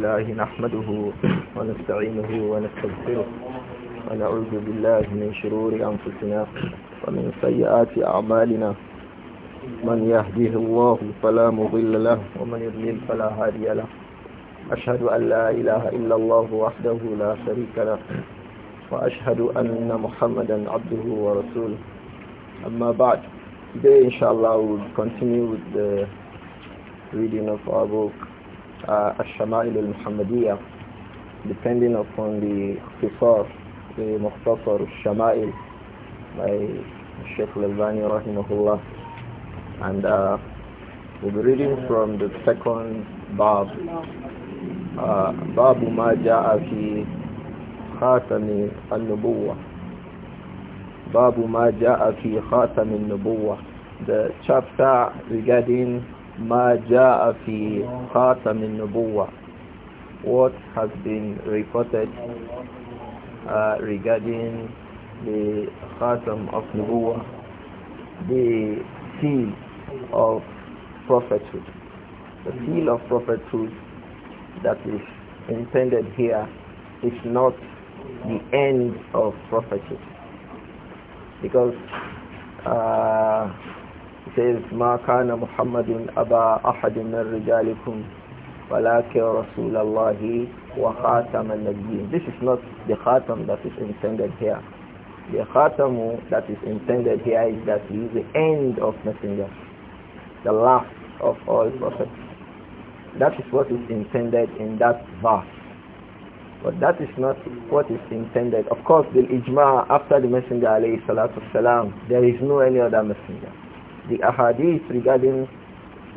الله نحمده ونستعينه ونستغفره ونعوذ بالله من شرور أنفسنا ومن سيئات أعمالنا من يهديه الله فلا مضل له ومن يضلل فلا هادي له أشهد أن لا إله إلا الله وحده لا شريك له وأشهد أن محمدا عبده ورسوله أما بعد Today inshallah we will continue with the reading of our book uh, Ash-Shama'il al-Muhammadiyya depending upon the Qisar, the Mukhtasar al-Shama'il by Sheikh Al-Albani rahimahullah and uh, we'll be reading from the second Bab uh, Bab ma ja'a fi khatami al-Nubuwah Bab ma ja'a fi khatami al-Nubuwah the chapter regarding ما جاء في خاتم النبوة what has been reported uh, regarding the Khatam of Nubuwa, the seal of prophethood. The seal of prophethood that is intended here is not the end of prophethood. Because uh, says ما كان محمد أبا أحد من رجالكم ولكن رسول الله وخاتم النبيين This is not the khatam that is intended here. The khatam that is intended here is that he is the end of messengers, the last of all prophets. That is what is intended in that verse. But that is not what is intended. Of course, the ijma after the messenger alayhi there is no any other messenger the ahadith regarding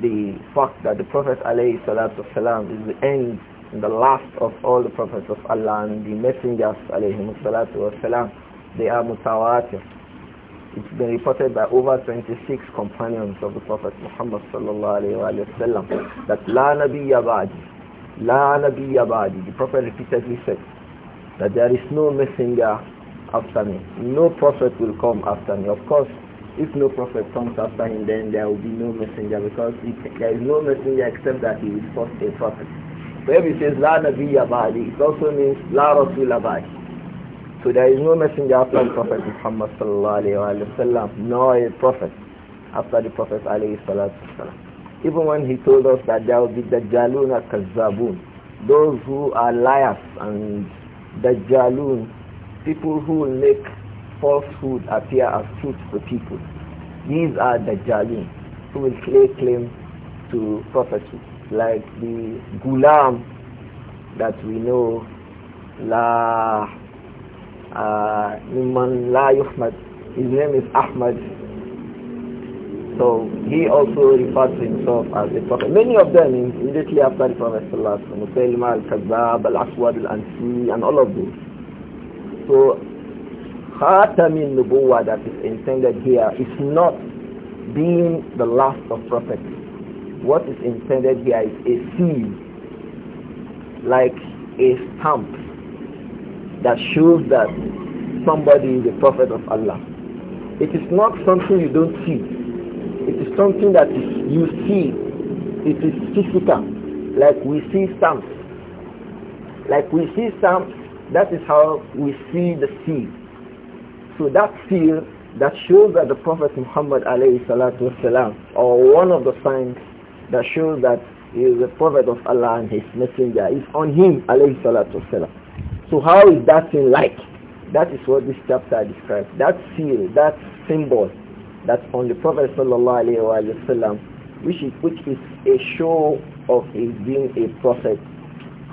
the fact that the Prophet alayhi is the end and the last of all the prophets of Allah and the messengers alayhi they are mutawatir. It's been reported by over 26 companions of the Prophet Muhammad sallallahu that La Nabiyya Ba'di, La Nabiyya Ba'di, the Prophet repeatedly said that there is no messenger after me, no prophet will come after me. Of course, if no prophet comes after him, then there will be no messenger because there is no messenger except that he is first a prophet. So if he says La Nabiya Ba'di, it also means La Rasul Ba'di. So there is no messenger after the Prophet Muhammad sallallahu alayhi wa sallam, nor a prophet after the Prophet alayhi salatu Even when he told us that there will be Dajjalun al Kazzabun, those who are liars and Dajjalun, people who will make falsehood appear as truth to people. These are the Dajjalim who will lay claim to prophecy, like the Gulam that we know, La niman uh, La Yuhmad. His name is Ahmad. So he also refers to himself as a prophet. Many of them immediately after the Prophet Sallallahu Alaihi Wasallam, al-Kazab, al-Aswad, al-Ansi, and all of those. So Khatamin Nubuwa that is intended here is not being the last of prophets. What is intended here is a seal, like a stamp that shows that somebody is a prophet of Allah. It is not something you don't see. It is something that you see. It is physical, like we see stamps. Like we see stamps, that is how we see the seed. So that seal that shows that the Prophet Muhammad alayhi salatu or one of the signs that shows that he is the Prophet of Allah and his messenger is on him alayhi So how is that thing like? That is what this chapter describes. That seal, that symbol that's on the Prophet sallallahu alayhi which is, which is a show of his being a prophet.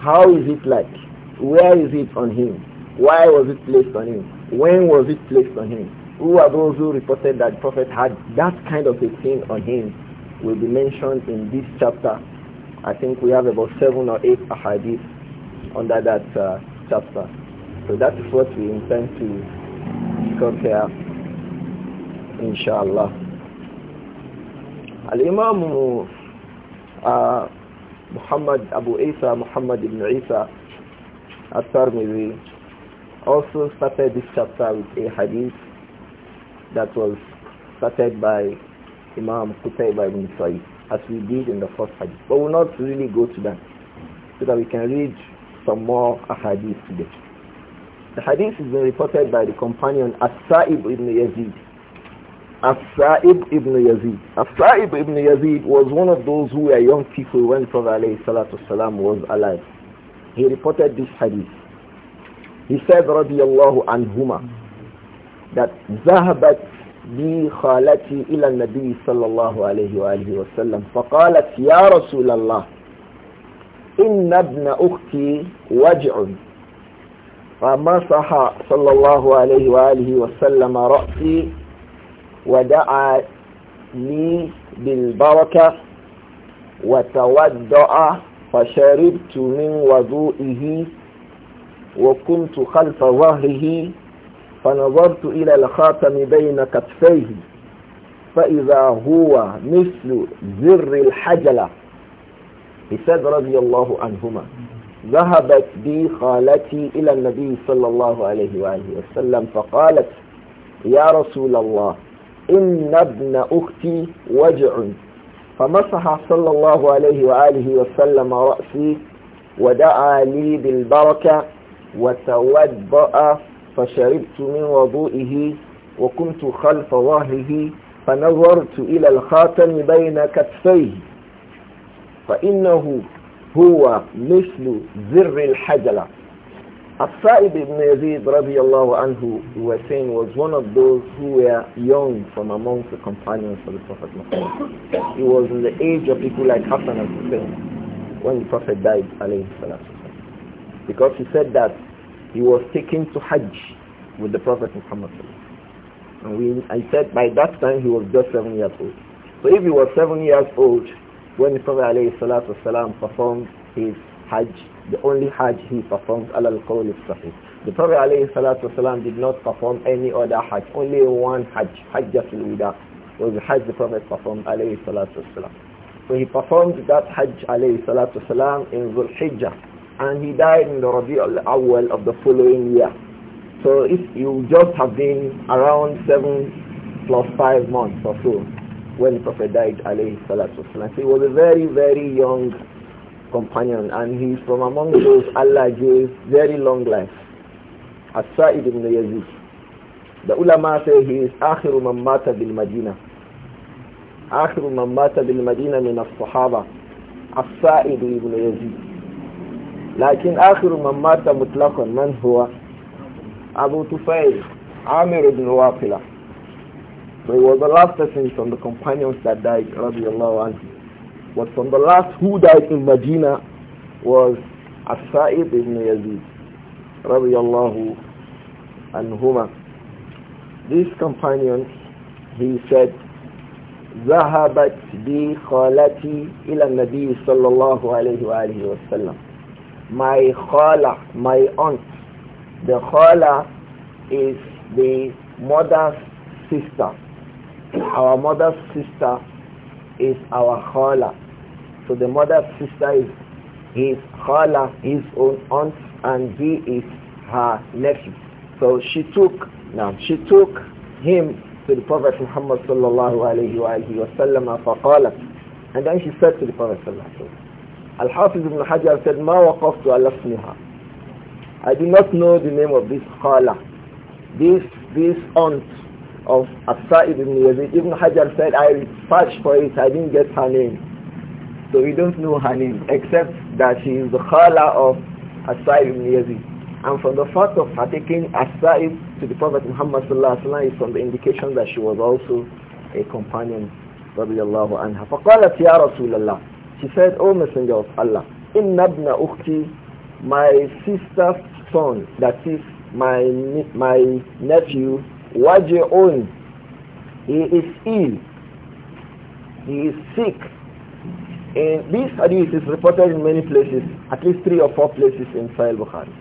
How is it like? Where is it on him? Why was it placed on him? When was it placed on him? Who are those who reported that the Prophet had that kind of a thing on him will be mentioned in this chapter. I think we have about seven or eight ahadith under that uh, chapter. So that is what we intend to discuss here, inshallah. Al-Imam uh, Muhammad Abu Isa Muhammad ibn Isa at-Tirmidhi also started this chapter with a hadith that was started by Imam Qutayba ibn Sa'id as we did in the first hadith. But we'll not really go to that so that we can read some more hadith today. The hadith is been reported by the companion As-Sa'ib ibn Yazid. As-Sa'ib ibn Yazid. As-Sa'ib ibn Yazid was one of those who were young people when Prophet ﷺ was alive. He reported this hadith. He said, رضي الله عنهما that ذهبت بي خالتي إلى النبي صلى الله عليه وآله وسلم فقالت يا رسول الله إن ابن أختي وجع فمسح صلى الله عليه وآله وسلم رأسي ودعا لي بالبركة وتودع فشربت من وضوئه وكنت خلف ظهره فنظرت إلى الخاتم بين كتفيه فإذا هو مثل زر الحجلة بسد رضي الله عنهما ذهبت بي خالتي إلى النبي صلى الله عليه وآله وسلم فقالت يا رسول الله إن ابن أختي وجع فمسح صلى الله عليه وآله وسلم رأسي ودعا لي بالبركة وتوضأ فشربت من وضوئه وكنت خلف ظهره فنظرت إلى الخاتم بين كتفيه فإنه هو مثل زر الحجلة Asa'ib ibn Yazid radiallahu anhu who was saying was one of those who were young from among the companions of the Prophet Muhammad. he was in the age of people like Hassan and Hussein when the Prophet died alayhi salatu Because he said that he was taken to Hajj with the Prophet Muhammad. And we, I said by that time he was just seven years old. So if he was seven years old, when the Prophet والسلام, performed his Hajj, the only Hajj he performed, al al-Sahih. The Prophet والسلام, did not perform any other Hajj, only one Hajj, Hajj al-Wida, was the Hajj the Prophet performed والسلام. So he performed that Hajj والسلام, in Zul Hijjah and he died in the Rabi al-Awwal of the following year. So if you just have been around 7 plus 5 months or so when the Prophet died, alayhi salatu wasalam. He was a very, very young companion and he's from among those Allah gave very long life. As-Sa'id ibn Yazid. The ulama say he is akhiru man mata bil Madina. Akhiru man mata bil Madina min as-Sahaba. As-Sa'id ibn Yazid. لكن آخر من مات مطلقا من هو أبو طفيل عامر بن واقلة So he was the last person from the companions that died رضي الله عنه But from the last who died in Medina was As-Sa'id ibn Yazid رضي الله عنهما This companion he said ذهبت بي خالتي إلى النبي صلى الله عليه وآله وسلم my khala, my aunt. The khala is the mother's sister. Our mother's sister is our khala. So the mother's sister is his khala, his own aunt, and he is her nephew. So she took, now she took him to the Prophet Muhammad sallallahu alayhi wa sallam, and then she said to the Prophet sallallahu alayhi wa sallam, Al-Hafiz ibn Hajar said, Ma waqaftu ala ismiha. I do not know the name of this khala. This, this aunt of As-Sa'id ibn Yazid. Ibn Hajar said, I searched for it. I didn't get her name. So we don't know her name, except that she is the khala of As-Sa'id ibn Yazid. And from the fact of her taking As-Sa'id to the Prophet Muhammad sallallahu alaihi wasallam is from the indication that she was also a companion. رضي الله عنها فقالت يا رسول الله she said, O Messenger of Allah, Inna Nabna ukti my sister's son, that is my, my nephew, Waji'un, he is ill, he is sick. And this hadith is reported in many places, at least three or four places in Sahih Bukhari.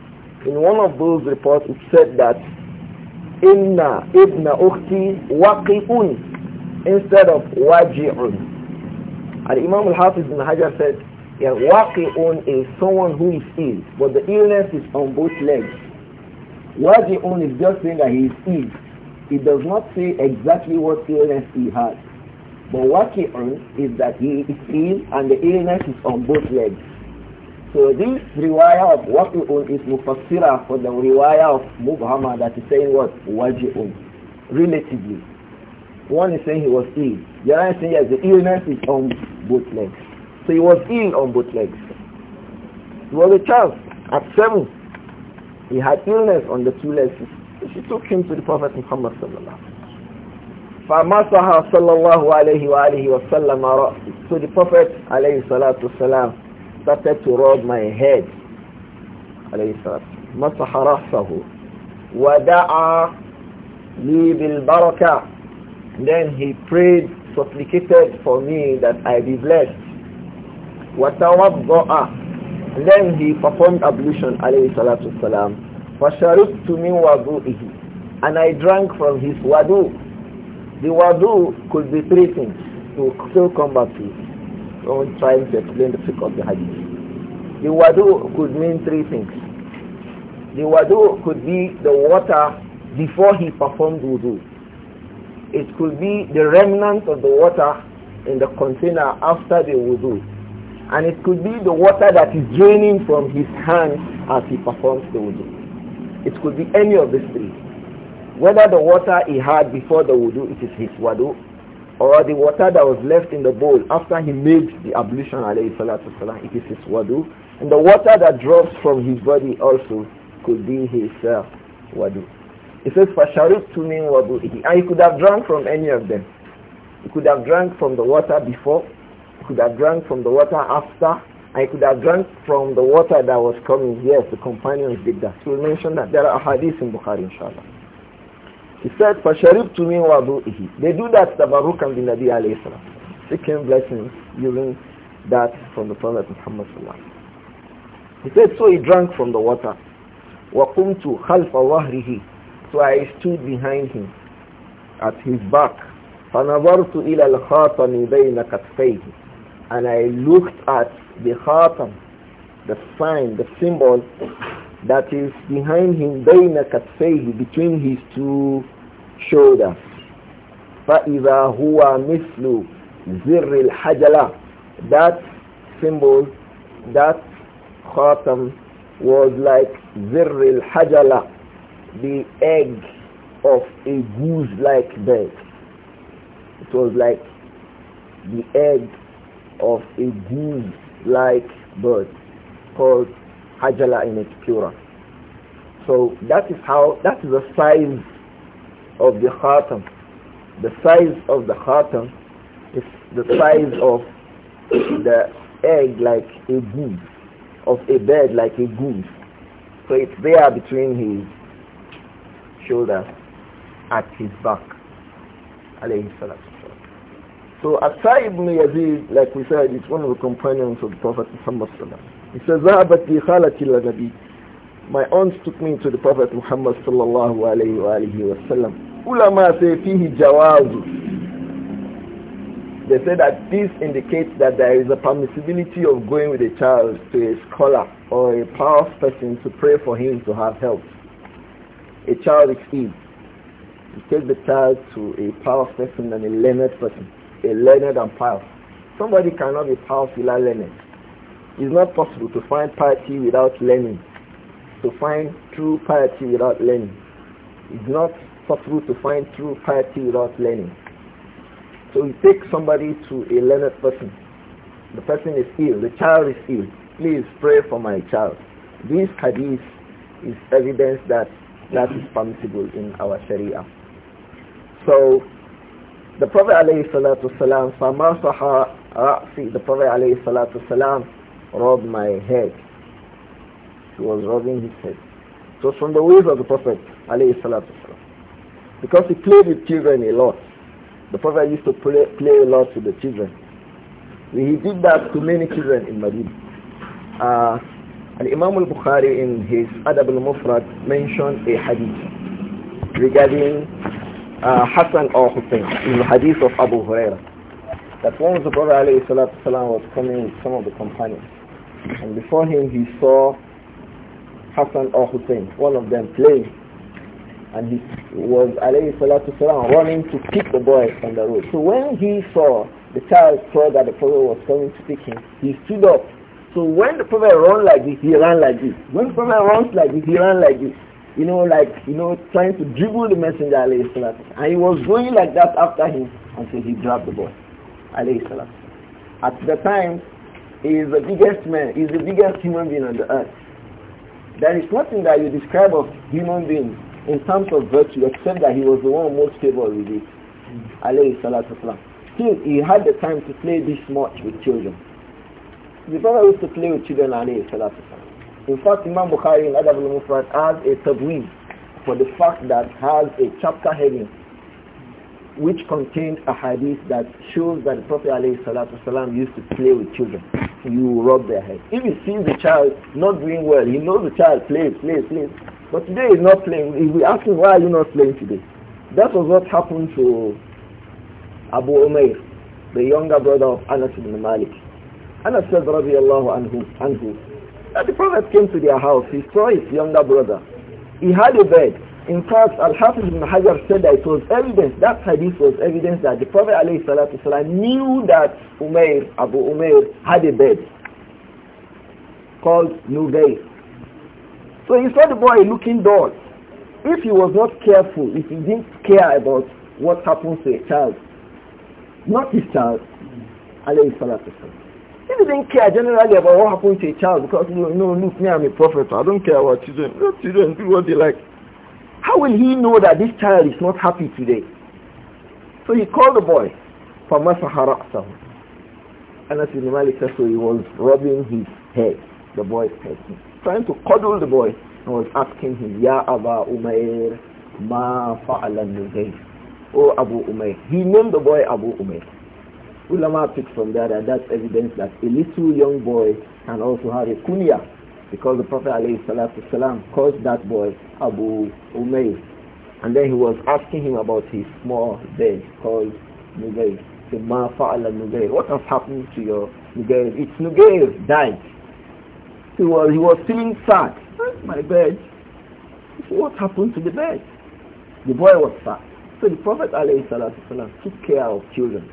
In one of those reports, it said that Inna ibn ukti waqi'un instead of waji'un. And Imam al-Hafiz ibn Hajar said, waqi'un is someone who is ill, but the illness is on both legs. Waji'un is just saying that he is ill. It does not say exactly what illness he has. But waqi'un is that he is ill and the illness is on both legs. So this riwayah of waqi'un is mufassira for the riwayah of mubhama that is saying what? Waji'un. Relatively. One is saying he was ill. The other is saying yes, the illness is on both legs. So he was ill on both legs. He was a child at seven. He had illness on the two legs. So she took him to the Prophet Muhammad sallallahu فَمَسَحَ صَلَّى اللَّهُ عَلَيْهِ وَعَلَيْهِ وَسَلَّمَ So the Prophet عليه الصلاة والسلام started to rub my head عليه الصلاة مسح رأسه ودعا لي بالبركة then he prayed, supplicated for me that I be blessed. وَتَوَضَّعَ Then he performed ablution, alayhi salatu salam. فَشَرُبْتُ مِنْ وَضُوئِهِ And I drank from his wadu. The wadu could be three things. We'll still come back to I'm trying to explain the trick of the hadith. The wadu could mean three things. The wadu could be the water before he performed wudu. It could be the remnant of the water in the container after the wudu. And it could be the water that is draining from his hands as he performs the wudu. It could be any of these three. Whether the water he had before the wudu, it is his wudu, or the water that was left in the bowl after he made the ablution, it is his wudu. And the water that drops from his body also could be his uh, wudu. He says, فَشَرِبْتُ مِنْ وَضُوئِهِ And he could have drunk from any of them. He could have drunk from the water before. He could have drunk from the water after. I could have drunk from the water that was coming. Yes, the companions did that. So we mention that there are hadiths in Bukhari, inshallah. He said, فَشَرِبْتُ مِنْ وَضُوئِهِ They do that, the بِالنَّبِي عَلَيْهِ Salam. Seeking blessings using that from the Prophet Muhammad sallallahu He said, so he drank from the water. وَقُمْتُ خَلْفَ وَهْرِهِ so I stood behind him at his back. فنظرت إلى الخاتم بين كتفيه and I looked at the khatam, the sign, the symbol that is behind him بين كتفيه between his two shoulders فإذا هو مثل زر الحجلة that symbol that khatam was like زر hajala the egg of a goose-like bird. It was like the egg of a goose-like bird called Hajala in its pura. So that is how, that is the size of the khatam. The size of the khatam is the size of the egg like a goose, of a bird like a goose. So it's there between his shoulder at his back. So Asai ibn Yazid, like we said, is one of the companions of the Prophet Muhammad He says, My aunt took me to the Prophet Muhammad sallallahu alayhi wa alihi wa sallam. Ulama say fihi jawazu. They say that this indicates that there is a permissibility of going with a child to a scholar or a powerful person to pray for him to have help a child receives. You take the child to a powerful person and a learned person, a learned and powerful. Somebody cannot be powerful without learning. It's not possible to find piety without learning, to find true piety without learning. It's not possible to find true piety without learning. So you take somebody to a learned person. The person is ill. The child is ill. Please pray for my child. This hadith is evidence that that is permissible in our Sharia. So the Prophet alayhi salatu salam, see the Prophet alayhi salatu salam rubbed my head. He was rubbing his head. So from the ways of the Prophet alayhi salatu salam. Because he played with children a lot. The Prophet used to play, play a lot with the children. He did that to many children in Madinah. Uh, and Imam al-Bukhari in his Adab al-Mufrad mentioned a hadith regarding uh, Hassan or Hussein in the hadith of Abu Huraira. That once the Prophet ﷺ was coming with some of the companions and before him he saw Hassan or Hussein, one of them playing and he was alayhi salatu salam running to pick the boy from the road. So when he saw the child saw that the Prophet was coming to pick him, he stood up so when the Prophet runs like this, he ran like this. When the Prophet runs like this, he ran like this. You know, like, you know, trying to dribble the messenger, alayhi salatu. And he was going like that after him until he dropped the ball, alayhi salatu. At the time, he is the biggest man, he is the biggest human being on the earth. There is nothing that you describe of human being in terms of virtue except that he was the one most capable with it. Mm Alayhi salatu Still, he had the time to play this much with children. The Prophet used to play with children, alayhi salatu In fact, Imam Bukhari in Adab al-Mufrad has a tabweed for the fact that has a chapter heading which contained a hadith that shows that the Prophet Salatu, used to play with children. You rub their head. If he sees the child not doing well, he knows the child plays, plays, plays. But today he's not playing. If we ask him, why are you not playing today? That was what happened to Abu Umair, the younger brother of Anas ibn Malik. Anas said, radiallahu anhu, anhu, that the Prophet came to their house. He saw his younger brother. He had a bed. In fact, Al-Hafiz ibn Hajar said that it was evidence, that hadith was evidence that the Prophet knew that Umair, Abu Umair, had a bed called Nubay. So he saw the boy looking dull. If he was not careful, if he didn't care about what happens to a child, not his child, alayhi salatu he didn't care generally about what happened to a child because, you know, look, me, I'm a prophet. I don't care about children. children do what they like. How will he know that this child is not happy today? So he called the boy. فَمَسَحَ رَأْسَهُ And as Malik said so he was rubbing his head, the boy's head, trying to cuddle the boy and was asking him, Ya Aba Umair, ma fa nuzayr. Oh Abu Umair. He named the boy Abu Umair. Ulama picked from there that that's evidence that a little young boy can also have a kunya because the Prophet ﷺ called that boy Abu Umayr. And then he was asking him about his small bed called Nugayr. Ma fa'ala Nugayr. What has happened to your Nugayr? It's Nugayr died. He was, he was feeling sad. Where's my bed? Said, what happened to the bed? The boy was sad. So the Prophet ﷺ took care of children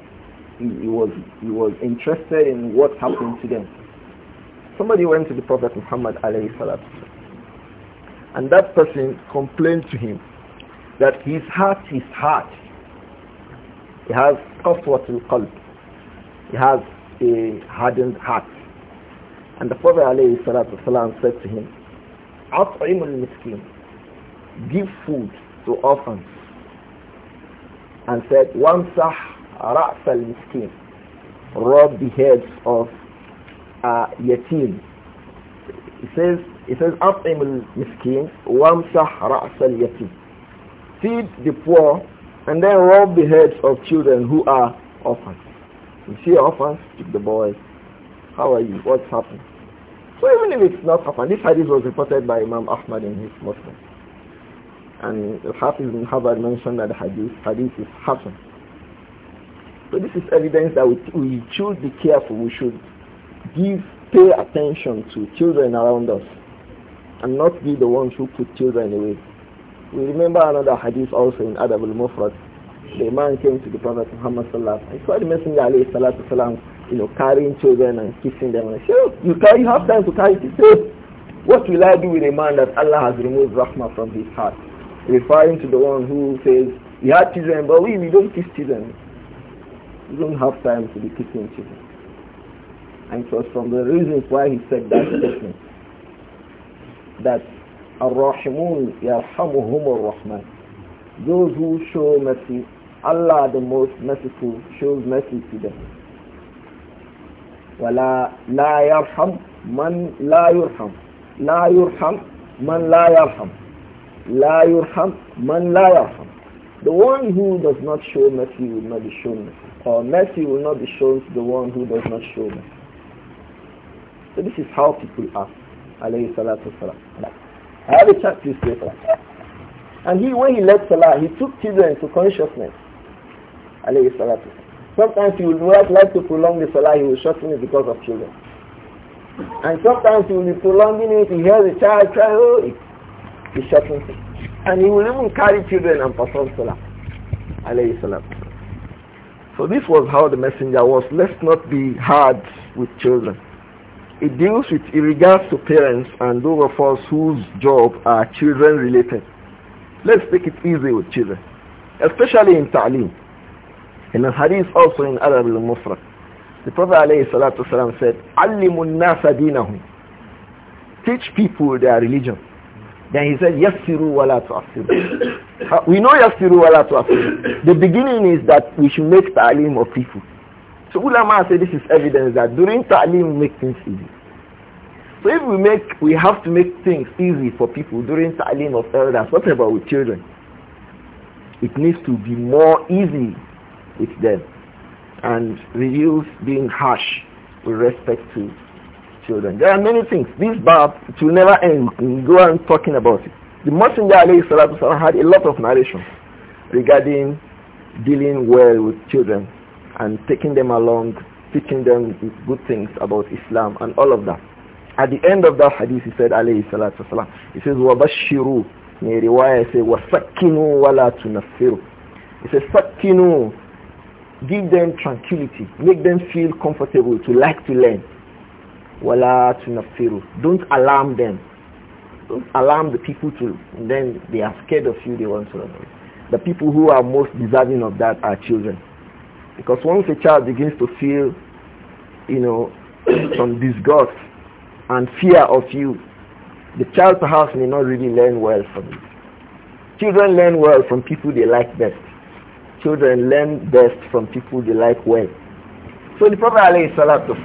he was he was interested in what happened to them. Somebody went to the Prophet Muhammad alayhi salatu and that person complained to him that his heart is hard. He has qaswatul qalb. He has a hardened heart. And the Prophet alayhi salatu said to him, At'imul miskin. Give food to orphans. And said, Wansah Ra'as al-Miskin. Rub the heads of uh, yatim. It says, it says, miskin, المسكين وامسح al yatim. Feed the poor and then rob the heads of children who are orphans. You see orphans, keep the boys. How are you? What's happened? So even if it's not orphan, this hadith was reported by Imam Ahmad in his Muslim. And Hafiz bin Habad mentioned that the hadith, hadith is Hassan. So this is evidence that we, we should be careful. We should give pay attention to children around us and not be the ones who put children away. We remember another hadith also in Adab al-Mufrad. The man came to the Prophet Muhammad sallallahu alaihi wasallam. He saw the Messenger alayhi you know, carrying children and kissing them. And I said, oh, you, carry, you have time to carry this. What will I do with a man that Allah has removed rahmah from his heart? Referring to the one who says, he had children, but we, we don't kiss children. You don't have time to be kissing children. And it was from the reasons why he said that statement. That Ar-Rahimun Yarhamuhum Ar-Rahman. Those who show mercy, Allah the most merciful shows mercy to them. وَلَا لَا يَرْحَمْ مَنْ لَا يُرْحَمْ لَا يُرْحَمْ مَنْ لَا يَرْحَمْ لَا يُرْحَمْ مَنْ لَا يَرْحَمْ the one who does not show mercy will not be shown mercy. Or mercy will not be shown to the one who does not show mercy. So this is how people are. Alayhi salatu salam. I have a chat this day. And he, when he left Salah, he took children to consciousness. Alayhi salatu Sometimes he would not like to prolong the Salah, he will shorten it because of children. And sometimes he will be prolonging it, he hears a child cry, oh, he shortens it. And he will even carry children and perform salah. Alayhi So this was how the messenger was. Let's not be hard with children. It deals with in regards to parents and those of us whose job are children related. Let's take it easy with children, especially in ta'lim. In the hadith also in Arab al-Mufrad, the Prophet ﷺ said, Teach people their religion. Then he said, Yassiru wala tu'assiru. we know Yassiru wala tu'assiru. The beginning is that we should make ta'lim of people. So ulama said, this is evidence that during ta'lim we make things easy. So if we make, we have to make things easy for people during ta'lim of elders, whatever with children? It needs to be more easy with them and reduce being harsh with respect to children. There are many things. This bab, it will never end in go on talking about it. The Messenger alayhi salatu had a lot of narrations regarding dealing well with children and taking them along, teaching them good things about Islam and all of that. At the end of that hadith, he said alayhi salatu wasalam, he says, وَبَشِّرُوا In a say, وَسَكِّنُوا وَلَا تُنَفِّرُوا He says, سَكِّنُوا Give them tranquility. Make them feel comfortable to like to learn wala tunafiru. Don't alarm them. Don't alarm the people to then they are scared of you, they want to run away. The people who are most deserving of that are children. Because once a child begins to feel, you know, some disgust and fear of you, the child perhaps may not really learn well from you. Children learn well from people they like best. Children learn best from people they like well. So the Prophet ﷺ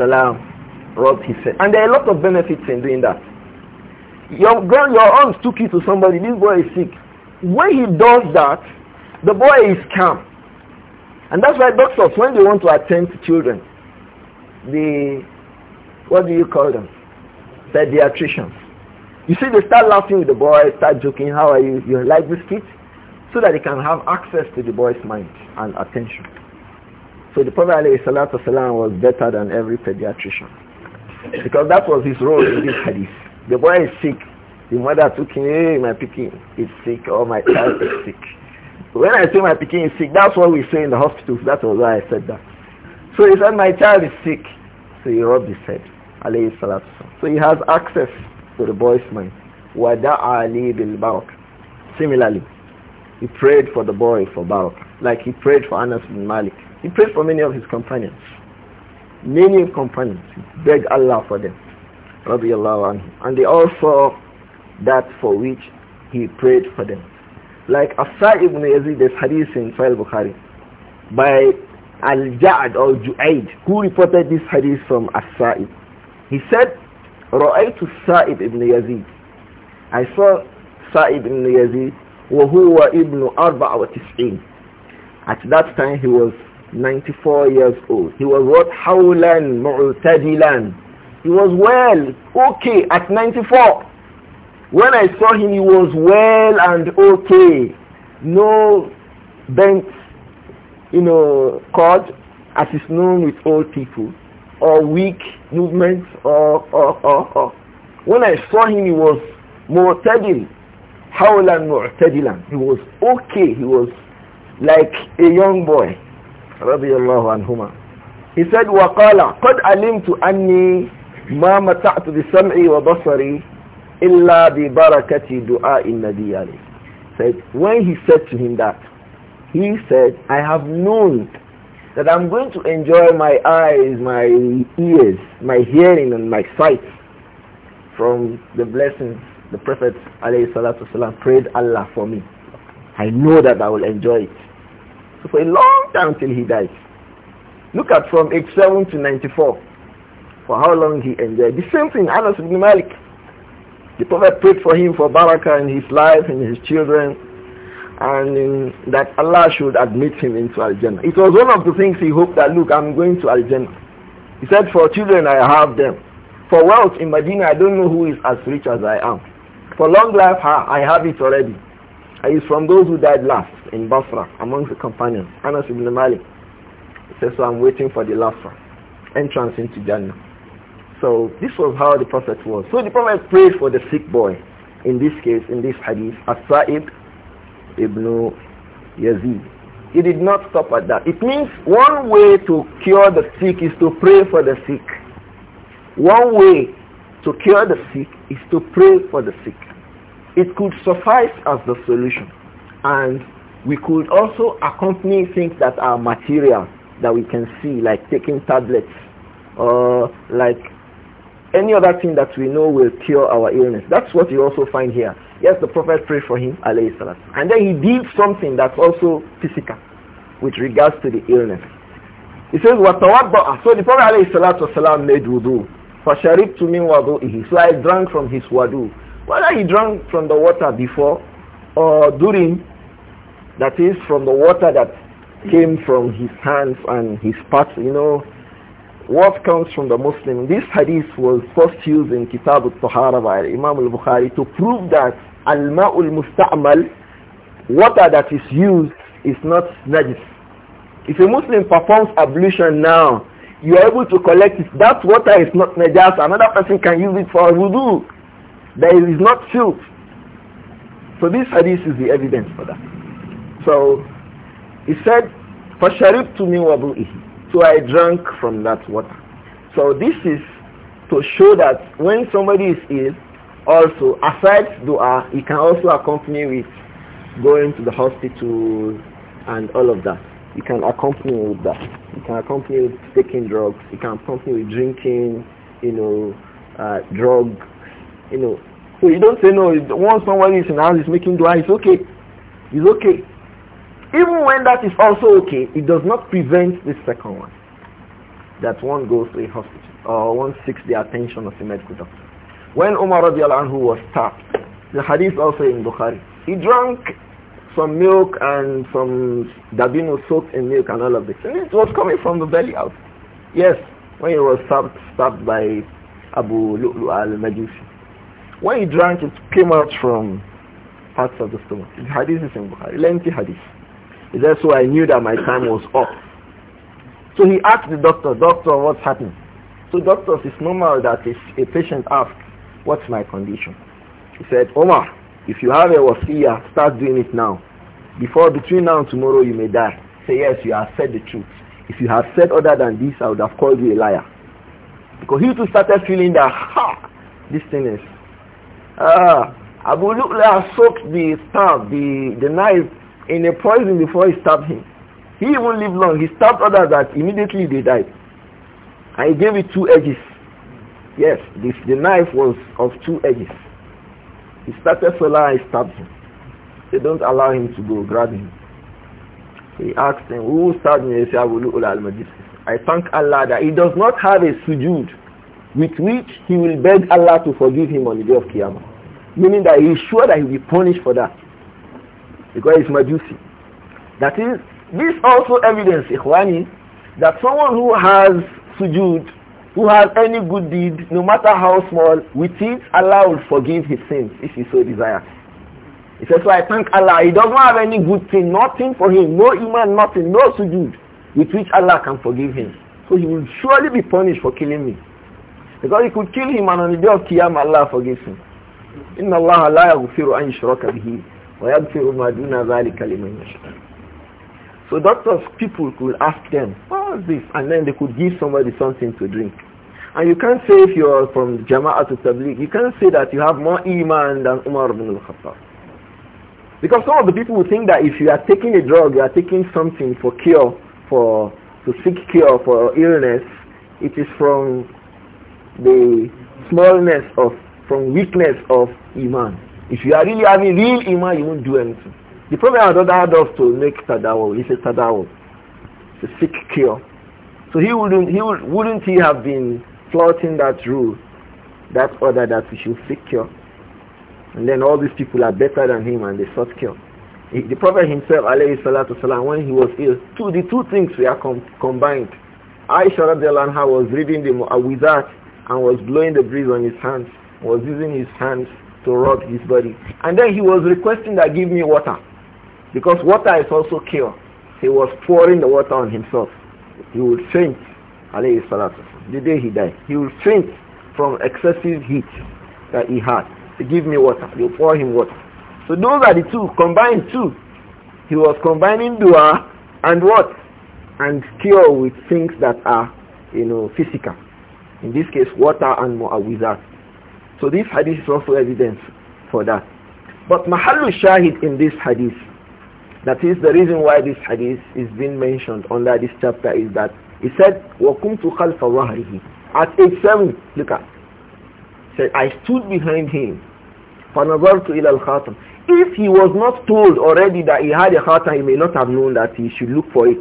rub his head. And there are a lot of benefits in doing that. Your girl, your aunt took you to somebody, this boy is sick. When he does that, the boy is calm. And that's why doctors, when they want to attend to children, the, what do you call them? Pediatricians. You see, they start laughing with the boy, start joking, how are you, you like this kid? So that they can have access to the boy's mind and attention. So the Prophet ﷺ was better than every pediatrician. Because that was his role in this hadith. The boy is sick. The mother took him, hey, my picking is sick or my child is sick. When I say my picking is sick, that's what we say in the hospitals. That was why I said that. So he said, my child is sick. So he rubbed his head. So he has access to the boy's mind. وَدَعَ in بِالْبَرَكَ Similarly, he prayed for the boy for Barak, like he prayed for Anas bin Malik. He prayed for many of his companions. Many companies beg Allah for them. And they all saw that for which he prayed for them. Like Asa ibn Yazid, this hadith in Sahih Bukhari, by Al-Ja'ad or Ju'aid, who reported this hadith from As-Sa'ib. He said, رأيت Sa'ib ibn Yazid. I saw Sa'ib ibn Yazid, وهو ابن 94. At that time he was 94 years old. He was what? Hawlan mu'tadilan. He was well, okay, at 94. When I saw him, he was well and okay. No bent, you know, cord, as is known with old people, or weak movements, or, or, or, or. When I saw him, he was mu'tadil. Hawlan mu'tadilan. He was okay. He was like a young boy. رضي الله عنهما he said وقال قد علمت أني ما متعت بسمعي وبصري إلا ببركة دعاء النبي عليه said when he said to him that he said I have known that I'm going to enjoy my eyes, my ears, my hearing and my sight from the blessings the Prophet ﷺ prayed Allah for me. I know that I will enjoy it for a long time till he died. Look at from 87 to 94, for how long he enjoyed. The same thing, Anas ibn Malik. The Prophet prayed for him for barakah in his life and his children and in, that Allah should admit him into Al-Jannah. It was one of the things he hoped that, look, I'm going to Al-Jannah. He said, for children, I have them. For wealth in Medina, I don't know who is as rich as I am. For long life, I have it already. He is from those who died last in Basra amongst the companions. Anas ibn Malik he says, so I'm waiting for the last entrance into Jannah. So this was how the Prophet was. So the Prophet prayed for the sick boy. In this case, in this hadith, As-Sa'ib ibn Yazid. He did not stop at that. It means one way to cure the sick is to pray for the sick. One way to cure the sick is to pray for the sick. It could suffice as the solution. And we could also accompany things that are material that we can see, like taking tablets or like any other thing that we know will cure our illness. That's what you also find here. Yes, the Prophet prayed for him, salam. And then he did something that's also physical with regards to the illness. He says, وَتَوَضَّعَ So the Prophet alayhi salatu wasalam made wudu. فَشَرِبْتُ مِنْ وَضُوئِهِ So I drank from his wudu. Whether he drank from the water before or during, that is from the water that came from his hands and his parts, you know, what comes from the Muslim. This hadith was first used in Kitab al-Tahara by Imam al-Bukhari to prove that al-ma'ul musta'mal, water that is used is not najis. If a Muslim performs ablution now, you are able to collect it. That water is not najis. Another person can use it for wudu. There is not filth. So this hadith is the evidence for that. So he said, فَشَرِبْتُ مِنْ وَضُئِهِ So I drank from that water. So this is to show that when somebody is ill, also, aside dua, he can also accompany with going to the hospital and all of that. He can accompany with that. He can accompany with taking drugs. He can accompany with drinking, you know, uh, drug you know. So you don't say no. Once somebody is in house is making dua, it's okay. It's okay. Even when that is also okay, it does not prevent the second one. That one goes to a hospital or one seeks the attention of a medical doctor. When Umar radiallahu anhu was stabbed, the hadith also in Bukhari, he drank some milk and some dabino soaked in milk and all of this. And it was coming from the belly out. Yes, when he was stabbed, stabbed by Abu Lu'lu al-Majusi. When he drank, it came out from parts of the stomach. The hadith is in Bukhari, lengthy hadith. That's why I knew that my time was up. So he asked the doctor, doctor, what's happening? So doctors, it's normal that if a patient asks, what's my condition? He said, Omar, if you have a wasiya, start doing it now. Before, between now and tomorrow, you may die. Say, yes, you have said the truth. If you have said other than this, I would have called you a liar. Because he too started feeling that, ha, this thing is uh, Abu Lu'la soaked the stab, the, the knife, in a poison before he stabbed him. He even lived long. He stabbed others that immediately they died. And he gave it two edges. Yes, this, the knife was of two edges. He started Salah and stabbed him. They don't allow him to go, grab him. he asked him, who stabbed me? He said, Abu Lu'la al-Majid. I thank Allah that he does not have a sujood with which he will beg Allah to forgive him on the day of Qiyamah. Meaning that he is sure that he will be punished for that. Because it's Majusi. That is, this also evidence, Ikhwani, that someone who has sujud, who has any good deed, no matter how small, with it, Allah will forgive his sins if he so desires. He says, so I thank Allah. He doesn't have any good thing, nothing for him, no iman, nothing, no sujud, with which Allah can forgive him. So he will surely be punished for killing me. Because he could kill him and on the day of Qiyamah Allah forgives him. إِنَّ اللَّهَ لَا يَغْفِرُ أَنْ يُشْرَكَ بِهِ وَيَغْفِرُ مَا دُونَ ذَلِكَ لِمَنْ يَشْرَكَ So doctors, people could ask them, what is this? And then they could give somebody something to drink. And you can't say if you are from Jama'at al-Tabliq, you can't say that you have more Iman than Umar ibn al-Khattab. Because some of the people would think that if you are taking a drug, you are taking something for cure, for to seek cure for illness, it is from the smallness of, from weakness of Iman. If you are really having real Iman, you won't do anything. The Prophet had ordered us to make tadawo. He said tadawo. It's a sick cure. So he wouldn't, he would, wouldn't he have been flouting that rule, that order that we should seek cure? And then all these people are better than him and they sought cure. The Prophet himself, alayhi salatu salam, when he was ill, two, the two things were com combined. Aisha radiallahu anha was reading the Mu'awizat and was blowing the breeze on his hands, was using his hands to rub his body. And then he was requesting that give me water. Because water is also cure. He was pouring the water on himself. He would faint, alayhi salatu. The day he died, he would faint from excessive heat that he had. He give me water. You pour him water. So those are the two, combined two. He was combining dua and what? And cure with things that are, you know, physical. In this case, water and mu'awizat. So this hadith is also evidence for that. But mahalu shahid in this hadith, that is the reason why this hadith is being mentioned under this chapter is that he said, وَكُمْتُ خَلْفَ ظَهْرِهِ At age 7, look at. He said, I stood behind him. فَنَظَرْتُ إِلَى الْخَاتَمِ If he was not told already that he had a khatam, he may not have known that he should look for it.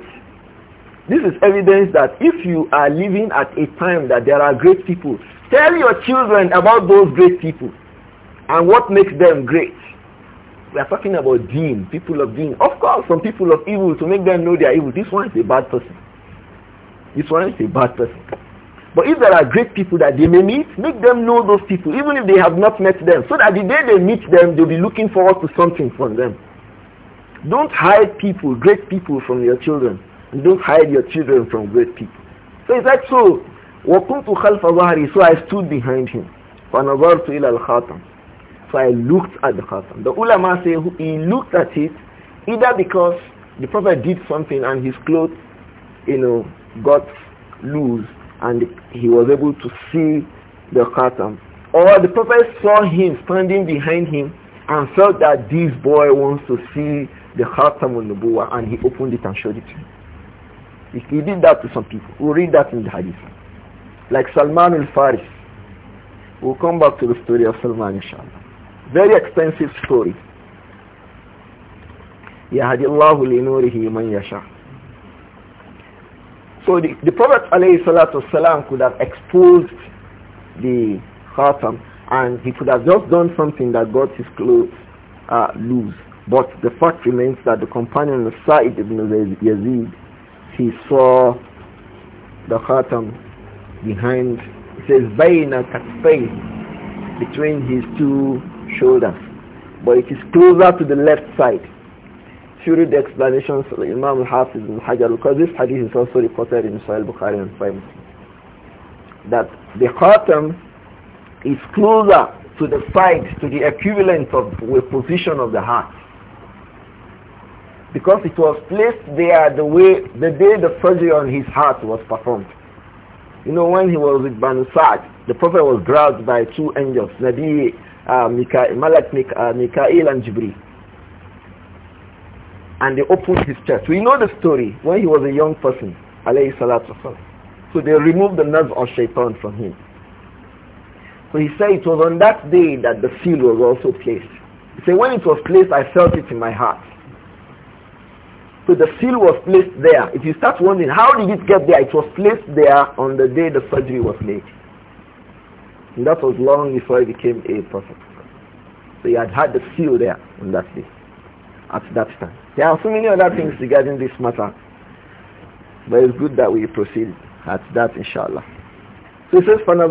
This is evidence that if you are living at a time that there are great people, tell your children about those great people and what makes them great. We are talking about deen, people of deen. Of course, some people of evil, to make them know they are evil. This one is a bad person. This one is a bad person. But if there are great people that they may meet, make them know those people, even if they have not met them, so that the day they meet them, they'll be looking forward to something from them. Don't hide people, great people, from your children. You don't hide your children from great people. So is that so, وَكُنْتُ خَلْفَ ظَهْرِي So I stood behind him. فَنَظَرْتُ إِلَى الْخَاتَمِ So I looked at the khatam. The ulama say he looked at it either because the Prophet did something and his clothes, you know, got loose and he was able to see the khatam. Or the Prophet saw him standing behind him and felt that this boy wants to see the khatam al-nubuwa and he opened it and showed it to him. He did that to some people. We'll read that in the hadith. Like Salman al-Faris. We'll come back to the story of Salman inshallah. Very extensive story. يهدي الله لنوره من يشاء So the, the Prophet والسلام, could have exposed the khatam and he could have just done something that got his clothes uh, loose. But the fact remains that the companion of Sa'id ibn Yazid he saw the khatam behind, it says, Bayna katfay, between his two shoulders. But it is closer to the left side. If read the explanations of Imam al-Hafiz al-Hajar, because this hadith is also reported in Sahih Bukhari and Sahih that the khatam is closer to the side, to the equivalent of the position of the heart. Because it was placed there the way the day the surgery on his heart was performed. You know, when he was with Banu Sa'd, the Prophet was grabbed by two angels, Nabi uh, Mika, Malak uh, Mikael and Jibril. And they opened his chest. We know the story when he was a young person, alayhi salatu So they removed the nerve of shaitan from him. So he said it was on that day that the seal was also placed. He said, when it was placed, I felt it in my heart. So the seal was placed there. If you start wondering, how did it get there? It was placed there on the day the surgery was made. And that was long before he became a prophet. So he had had the seal there on that day, at that time. There are so many other things regarding this matter. But it's good that we proceed at that, inshallah. So he says, So I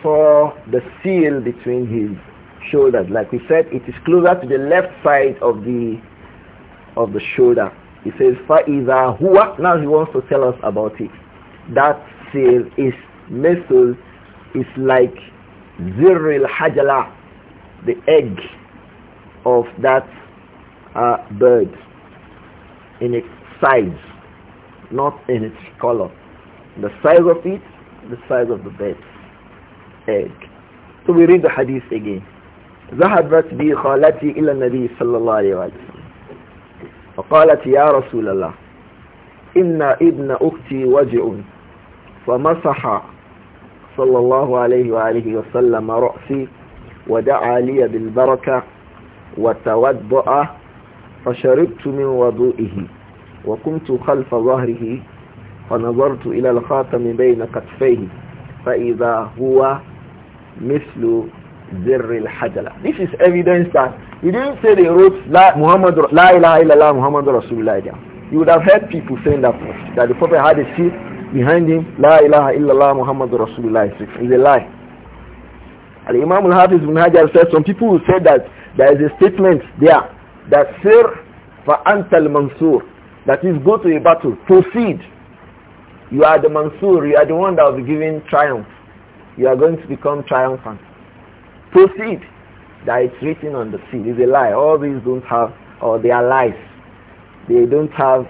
saw the seal between his shoulders. Like we said, it is closer to the left side of the of the shoulder. He says, فَإِذَا هُوَ Now he wants to tell us about it. That seal is mesul is like ziril hajala, the egg of that uh, bird in its size, not in its color. The size of it, the size of the bird, egg. So we read the hadith again. ذهبت بي خالتي إلى النبي صلى الله عليه وسلم فقالت يا رسول الله إن ابن أختي وجع فمسح صلى الله عليه وآله وسلم رأسي ودعا لي بالبركة وتوضأ فشربت من وضوئه وكنت خلف ظهره فنظرت إلى الخاتم بين كتفيه فإذا هو مثل Hajala. This is evidence that he didn't say they wrote La, Muhammad, La ilaha illallah Muhammad Rasulullah. You would have heard people saying that, that the Prophet had a seat behind him, La ilaha illallah Muhammad Rasulullah. It's a lie. The imam al-Hafiz ibn Hajar said some people will say that there is a statement there that Sir فَأَنْتَ mansur that is go to a battle, proceed. You are the Mansur, you are the one that will be given triumph. You are going to become triumphant proceed that it's written on the seed is a lie. All these don't have, or they are lies. They don't have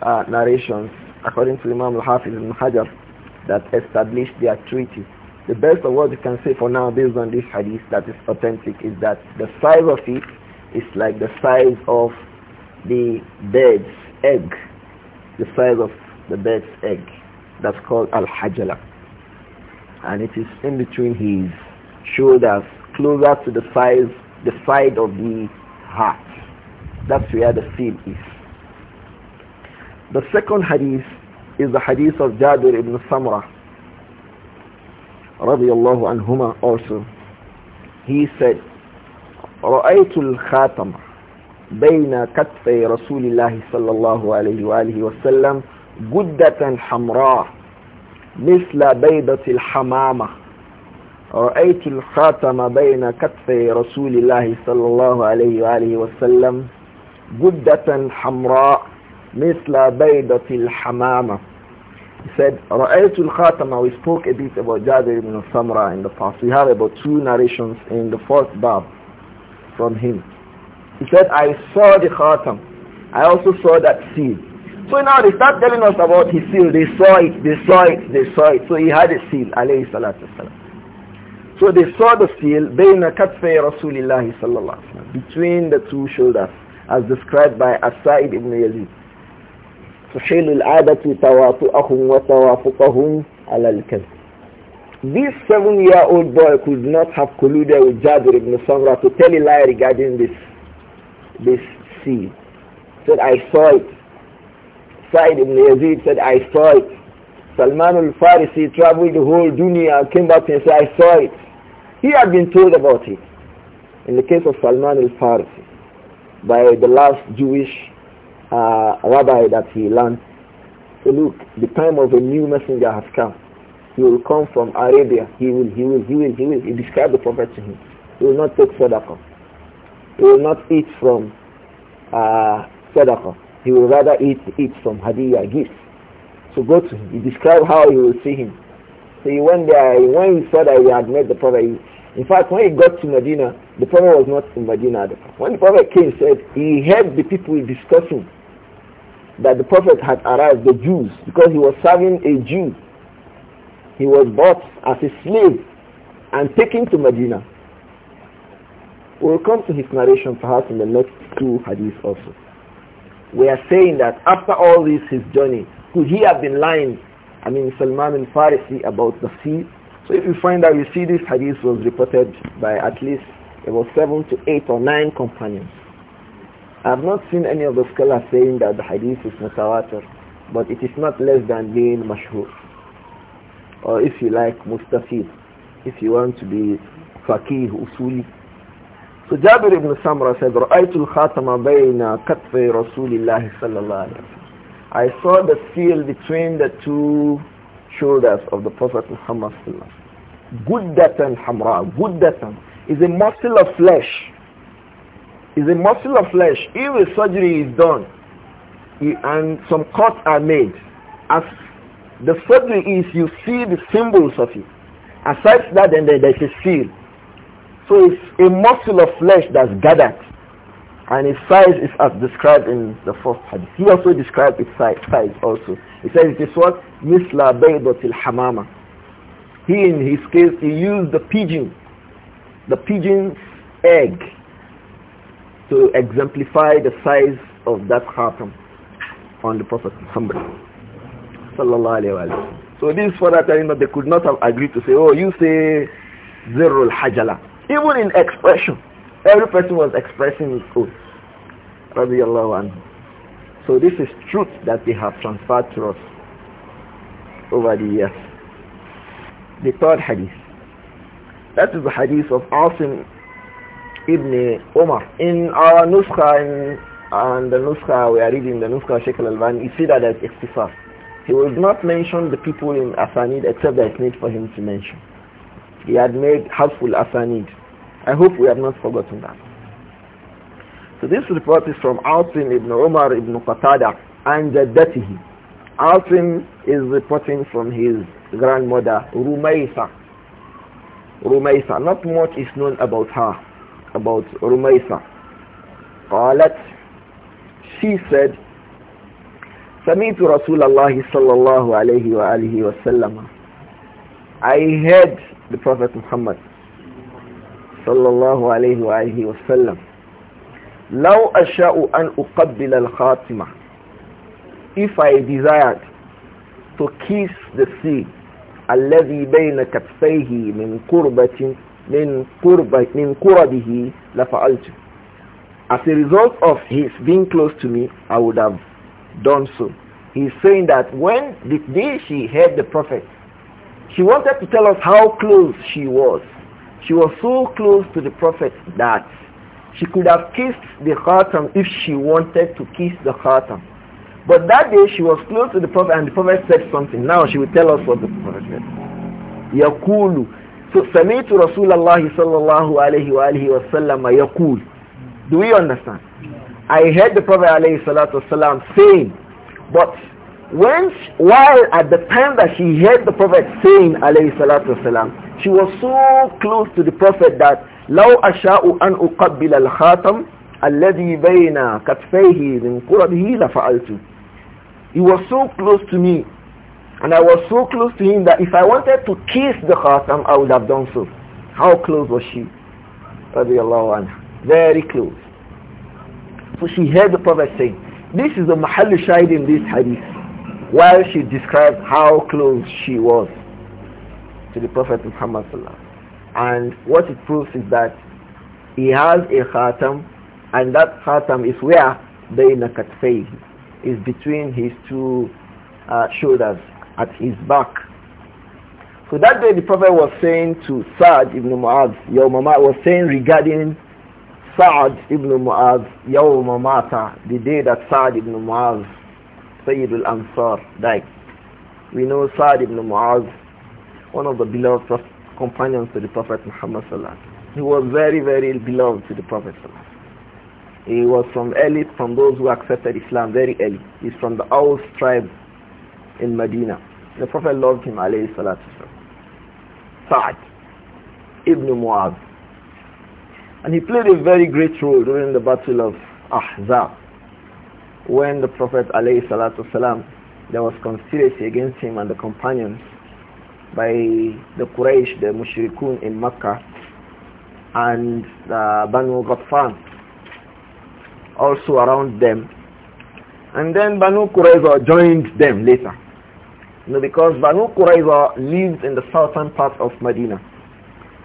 uh, narrations, according to Imam al-Hafiz al Hajar, that establish their treaty. The best of what you can say for now based on this hadith that is authentic is that the size of it is like the size of the bird's egg, the size of the bird's egg. That's called al-hajala. And it is in between his shoulders closer to the size, the side of the heart. That's where the seal is. The second hadith is the hadith of Jabir ibn Samra radiallahu anhuma also. He said, رأيت الخاتم بين كتفي رسول الله صلى الله عليه وآله وسلم جدة حمراء مثل بيضة الحمامة رأيت الخاتم بين كتفي رسول الله صلى الله عليه وآله وسلم جدة حمراء مثل بيضة الحمامة He said, رأيت الخاتم We spoke a bit about Jabir ibn Samra in the past. We have about two narrations in the fourth bab from him. He said, I saw the khatam. I also saw that seal. So now they start telling us about his seal. They saw it, they saw it, they saw it. So he had a seal, alayhi salatu so they saw the seal بين the رسول الله صلى الله between the two shoulders as described by Asaid ibn Yazid. تحيل العادة تواطؤهم وتوافقهم على الكذب. This seven-year-old boy could not have colluded with Jabir ibn Samra to tell a lie regarding this this seal. Said I saw it. Sa'id ibn Yazid said I saw it. Salman al-Farisi traveled the whole dunya came back and said, I saw it. He had been told about it. In the case of Salman al-Farisi, by the last Jewish uh, rabbi that he learned, so look, the time of a new messenger has come. He will come from Arabia. He will, he will, he will, he will. He described the prophet to him. He will not take sadaqah. He will not eat from uh, sadaqah. He will rather eat, eat from hadiyah, gifts. So go to him. He described how he will see him. So he went there. When he saw that he had met the Prophet, he, in fact, when he got to Medina, the Prophet was not in Medina. When the Prophet came, he said he heard the people discussing that the Prophet had arrived, the Jews, because he was serving a Jew. He was bought as a slave and taken to Medina. We'll come to his narration perhaps in the next two hadiths also. We are saying that after all this, his journey, could he have been lying, I mean Salman and Pharisee about the sea? So if you find out, you see this hadith was reported by at least about seven to eight or nine companions. I have not seen any of the scholars saying that the hadith is mutawatir, but it is not less than being mashhur. Or if you like, mustafid, if you want to be faqih, usuli. So Jabir ibn Samra said, رأيت الخاتم بين كتفي رسول الله صلى الله عليه وسلم I saw the seal between the two shoulders of the Prophet Muhammad Guddatan hamra, guddatan is a muscle of flesh. Is a muscle of flesh. If a surgery is done and some cuts are made, as the surgery is, you see the symbols of it. Aside that, then there's a seal. So it's a muscle of flesh that's gathered. And its size is as described in the first hadith. He also described its size, size also. He says it is what? Misla baydatil hamama. He in his case, he used the pigeon, the pigeon's egg to exemplify the size of that heart on the Prophet Muhammad. Sallallahu alayhi wa So this for that time they could not have agreed to say, oh, you say zirul hajala. Even in expression, every person was expressing his own. So this is truth that they have transferred to us over the years. The third hadith. That is the hadith of Asim ibn Umar. In our nuskha in, and the nuskha we are reading, the nuskha Sheikh al-Albani, you see that as ikhtisar. He will not mention the people in Asanid except that it's need for him to mention. He had made helpful Asanid. I hope we have not forgotten that. So this report is from Altin ibn Umar ibn Qatada and Jaddatihi. Altin is reporting from his grandmother Rumaysa. Rumaysa. Not much is known about her, about Rumaysa. قالت She said سمعت رسول الله صلى الله عليه وآله وسلم I heard the Prophet Muhammad صلى الله عليه وآله وسلم لو أشاء أن أقبل الخاتمة if I desired to kiss the sea الذي بين كفيه من قربة من قربة من قربه لفعلت as a result of his being close to me I would have done so he's saying that when the day she heard the prophet she wanted to tell us how close she was she was so close to the prophet that she could have kissed the khatam if she wanted to kiss the khatam. But that day she was close to the Prophet and the Prophet said something. Now she will tell us what the Prophet said. يقول سمعت رسول الله صلى الله عليه وآله وسلم يقول Do we understand? I heard the Prophet alayhi salatu wasallam saying but when she, while at the time that she heard the Prophet saying alayhi salatu wasallam, she was so close to the Prophet that لو أشاء أن أقبل الخاتم الذي بين كتفيه من قربه لفعلته. He was so close to me and I was so close to him that if I wanted to kiss the khatam I would have done so. How close was she? Radiallahu anha. Very close. So she heard the Prophet saying, this is the mahal shahid in this hadith while she described how close she was to the Prophet Muhammad sallallahu and what it proves is that he has a khatam and that khatam is where bayna katfayhi is between his two uh, shoulders at his back. So that day the Prophet was saying to Sa'd ibn Mu'adh, mama was saying regarding Sa'd ibn Mu'adh, Yawmamata, the day that Sa'd ibn Mu'adh, Sayyid al-Ansar, died. We know Sa'd ibn Mu'adh, one of the beloved companions to the Prophet Muhammad sallallahu He was very, very beloved to the Prophet he was from elite, from those who accepted Islam very early. He's from the Aus tribe in Medina. The Prophet loved him, alayhi salatu Sa'd ibn Mu'adh. And he played a very great role during the battle of Ahzab. When the Prophet alayhi salatu there was conspiracy against him and the companions by the Quraysh, the Mushrikun in Mecca, and uh, Banu Ghatfan, also around them. And then Banu Qurayza joined them later. You know, because Banu Qurayza lived in the southern part of Medina.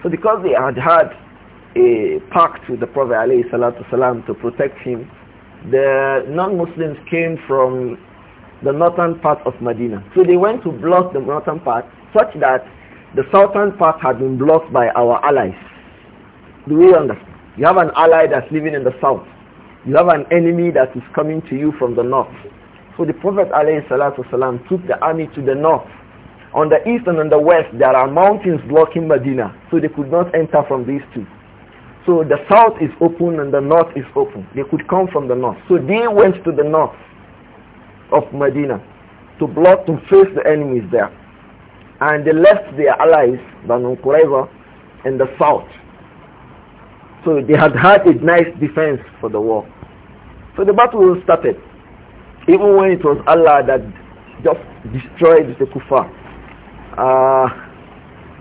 So because they had had a pact with the Prophet ﷺ to protect him, the non-Muslims came from the northern part of Medina. So they went to block the northern part such that the southern part has been blocked by our allies. Do we understand? You have an ally that's living in the south. You have an enemy that is coming to you from the north. So the Prophet ﷺ took the army to the north. On the east and on the west, there are mountains blocking Medina, so they could not enter from these two. So the south is open and the north is open. They could come from the north. So they went to the north of Medina to block, to face the enemies there and they left their allies, Banu Qurayza, in the south. So they had had a nice defense for the war. So the battle started, even when it was Allah that just destroyed the kuffar. Uh,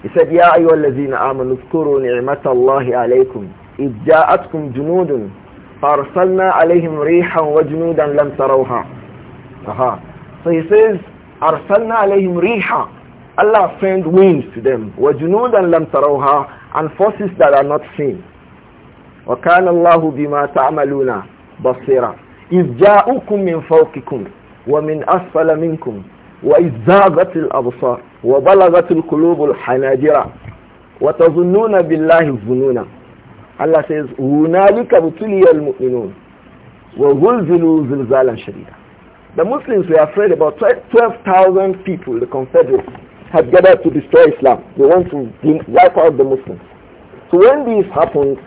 he said, يا أيها الذين آمنوا اذكروا نعمة الله عليكم إذ جاءتكم جنود فأرسلنا عليهم ريحا وجنودا لم تروها. Aha. So he says, أرسلنا عليهم ريحا Allah sends winds to them. وَجُنُودًا لَمْ تَرَوْهَا And forces that are not seen. وَكَانَ اللَّهُ بِمَا تَعْمَلُونَ بَصِيرًا إِذْ جَاءُكُم مِّن فَوْقِكُمْ وَمِنْ أَسْفَلَ مِنْكُمْ وَإِذْ زَاغَتِ الْأَبْصَارُ وَبَلَغَتِ الْقُلُوبُ الْحَنَاجِرَ وَتَظُنُّونَ بِاللَّهِ الظُّنُونَ Allah says, هُنَالِكَ ابْتُلِيَ الْمُؤْمِنُونَ وَزُلْزِلُوا زِلْزَالًا شَدِيدًا The Muslims were afraid about 12,000 people, the Confederates have gathered to destroy Islam. They want to wipe out the Muslims. So when this happened,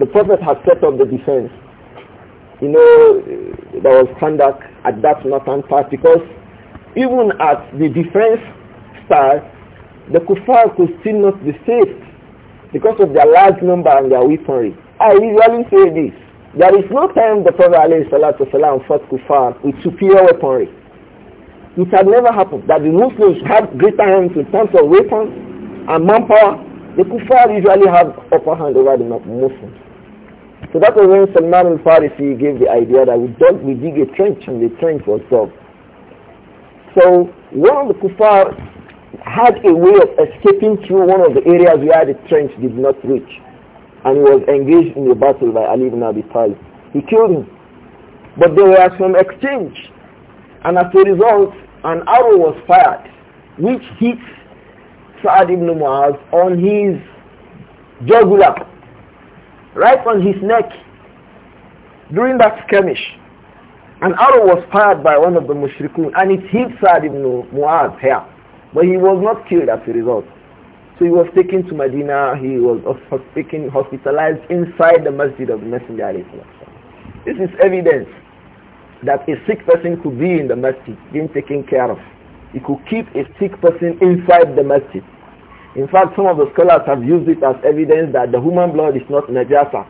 the Prophet had set up the defense. You know, eh, there was conduct at that northern part because even at the defense start, the kuffar could still not be saved because of their large number and their weaponry. I usually say this. There is no time the Prophet ﷺ fought kuffar with superior weaponry. It had never happened that the Muslims had greater hands in terms of weapons and manpower. The Kufar usually have upper hand over the Muslims. So that was when Salman al-Farisi gave the idea that we, dug, we dig a trench and the trench was dug. So one of the Kufar had a way of escaping through one of the areas where the trench did not reach. And he was engaged in a battle by Ali ibn Abi Talib. He killed him. But there was some exchange and as a result, an arrow was fired which hit Sa'ad ibn Mu'az on his jugular, right on his neck during that skirmish. An arrow was fired by one of the mushrikun and it hit Sa'ad ibn Mu'az here. But he was not killed as a result. So he was taken to Medina. He was taken hospitalized inside the Masjid of the Messenger. This is evidence that a sick person could be in the masjid being taken care of. He could keep a sick person inside the masjid. In fact, some of the scholars have used it as evidence that the human blood is not najasa.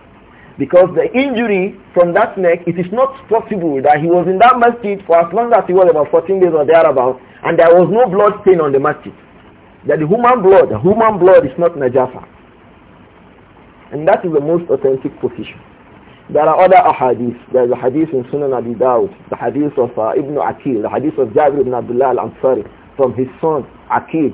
Because the injury from that neck, it is not possible that he was in that masjid for as long as he was about 14 days or thereabout, and there was no blood stain on the masjid. That the human blood, the human blood is not najasa. And that is the most authentic position. There are other ahadith. There is a hadith in Sunan Abi Dawud, the hadith of uh, Ibn Akil, the hadith of Jabir ibn Abdullah al-Ansari from his son Akil,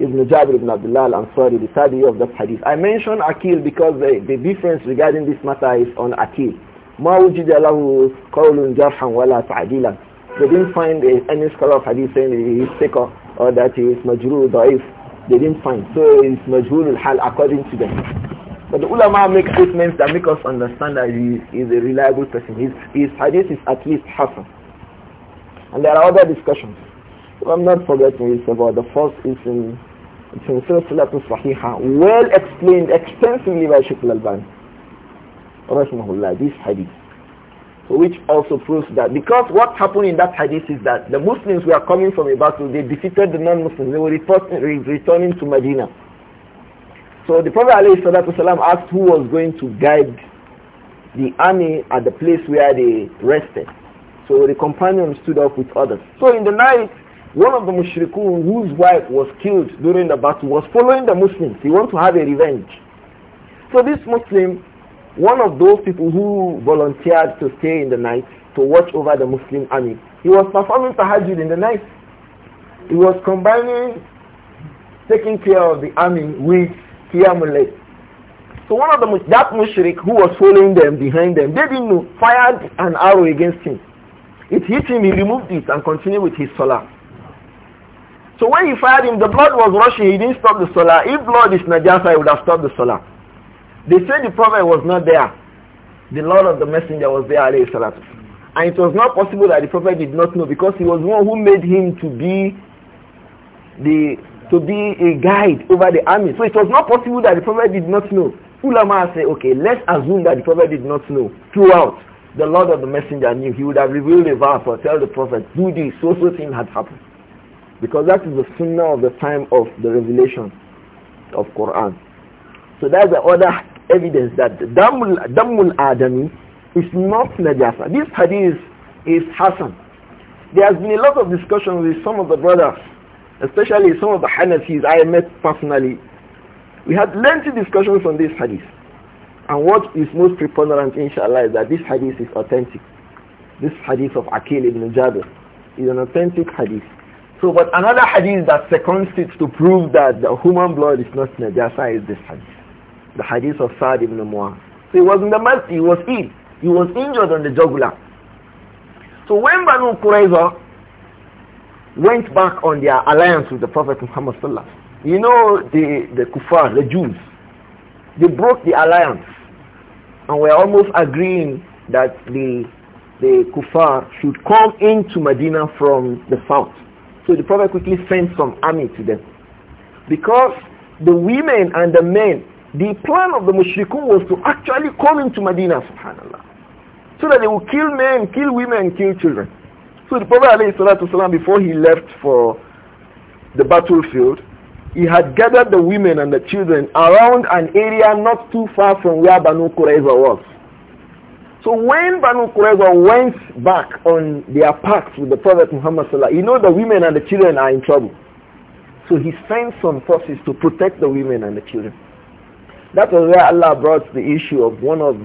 Ibn Jabir ibn Abdullah al-Ansari, the study of that hadith. I mention Akil because the, the difference regarding this matter is on Akil. ما وجد له قول جرحا ولا تعديلا They didn't find any scholar of hadith saying he is or that he is majrur da'if. They didn't find. So it's majrur al-hal according to them. But the ulama make statements that make us understand that he is a reliable person. His, his hadith is at least half, And there are other discussions. So I'm not forgetting it's about the first is in it's in Sahiha, well explained extensively by Sheikh Al-Albani. Rahimahullah, this hadith. So which also proves that because what happened in that hadith is that the Muslims were coming from a battle, they defeated the non-Muslims, they were returning to Medina. So the Prophet ﷺ asked who was going to guide the army at the place where they rested. So the companions stood up with others. So in the night, one of the mushrikun whose wife was killed during the battle was following the Muslims. He wanted to have a revenge. So this Muslim, one of those people who volunteered to stay in the night to watch over the Muslim army, he was performing tahajjud in the night. He was combining taking care of the army with Qiyamul So one of the that mushrik who was following them behind them, they didn't know, fired an arrow against him. It hit him, he removed it and continued with his salah. So when he fired him, the blood was rushing, he didn't stop the salah. If blood is najasa, he would have stopped the salah. They said the Prophet was not there. The Lord of the Messenger was there, alayhi salatu. And it was not possible that the Prophet did not know because he was one who made him to be the to be a guide over the army. So it was not possible that the Prophet did not know. Ulama say, okay, let's assume that the Prophet did not know. Throughout, the Lord of the Messenger knew. He would have revealed a verse or tell the Prophet, do this, so so thing had happened. Because that is the sunnah of the time of the revelation of Quran. So that's the other evidence that Damul, Damul Adami is not Najasa. This hadith is Hassan. There has been a lot of discussion with some of the brothers Especially some of the Hanafis I met personally. We had lengthy discussions on this hadith. And what is most preponderant, inshallah, is that this hadith is authentic. This hadith of Akil ibn Jabir is an authentic hadith. So, but another hadith that seconds it to prove that the human blood is not najasa is this hadith. The hadith of Sa'd ibn Mu'az. So he was in the masjid, he was ill. He was injured on the jugular. So when Banu Qurayza went back on their alliance with the Prophet Muhammad sallallahu You know the, the kuffar, the Jews, they broke the alliance and were almost agreeing that the, the kuffar should come into Medina from the south. So the Prophet quickly sent some army to them. Because the women and the men, the plan of the mushrikun was to actually come into Medina, subhanAllah. So that they would kill men, kill women, kill children. So the Prophet before he left for the battlefield, he had gathered the women and the children around an area not too far from where Banu Qurayza was. So when Banu Qurayza went back on their pact with the Prophet Muhammad Sallallahu you know the women and the children are in trouble. So he sent some forces to protect the women and the children. That was where Allah brought the issue of one of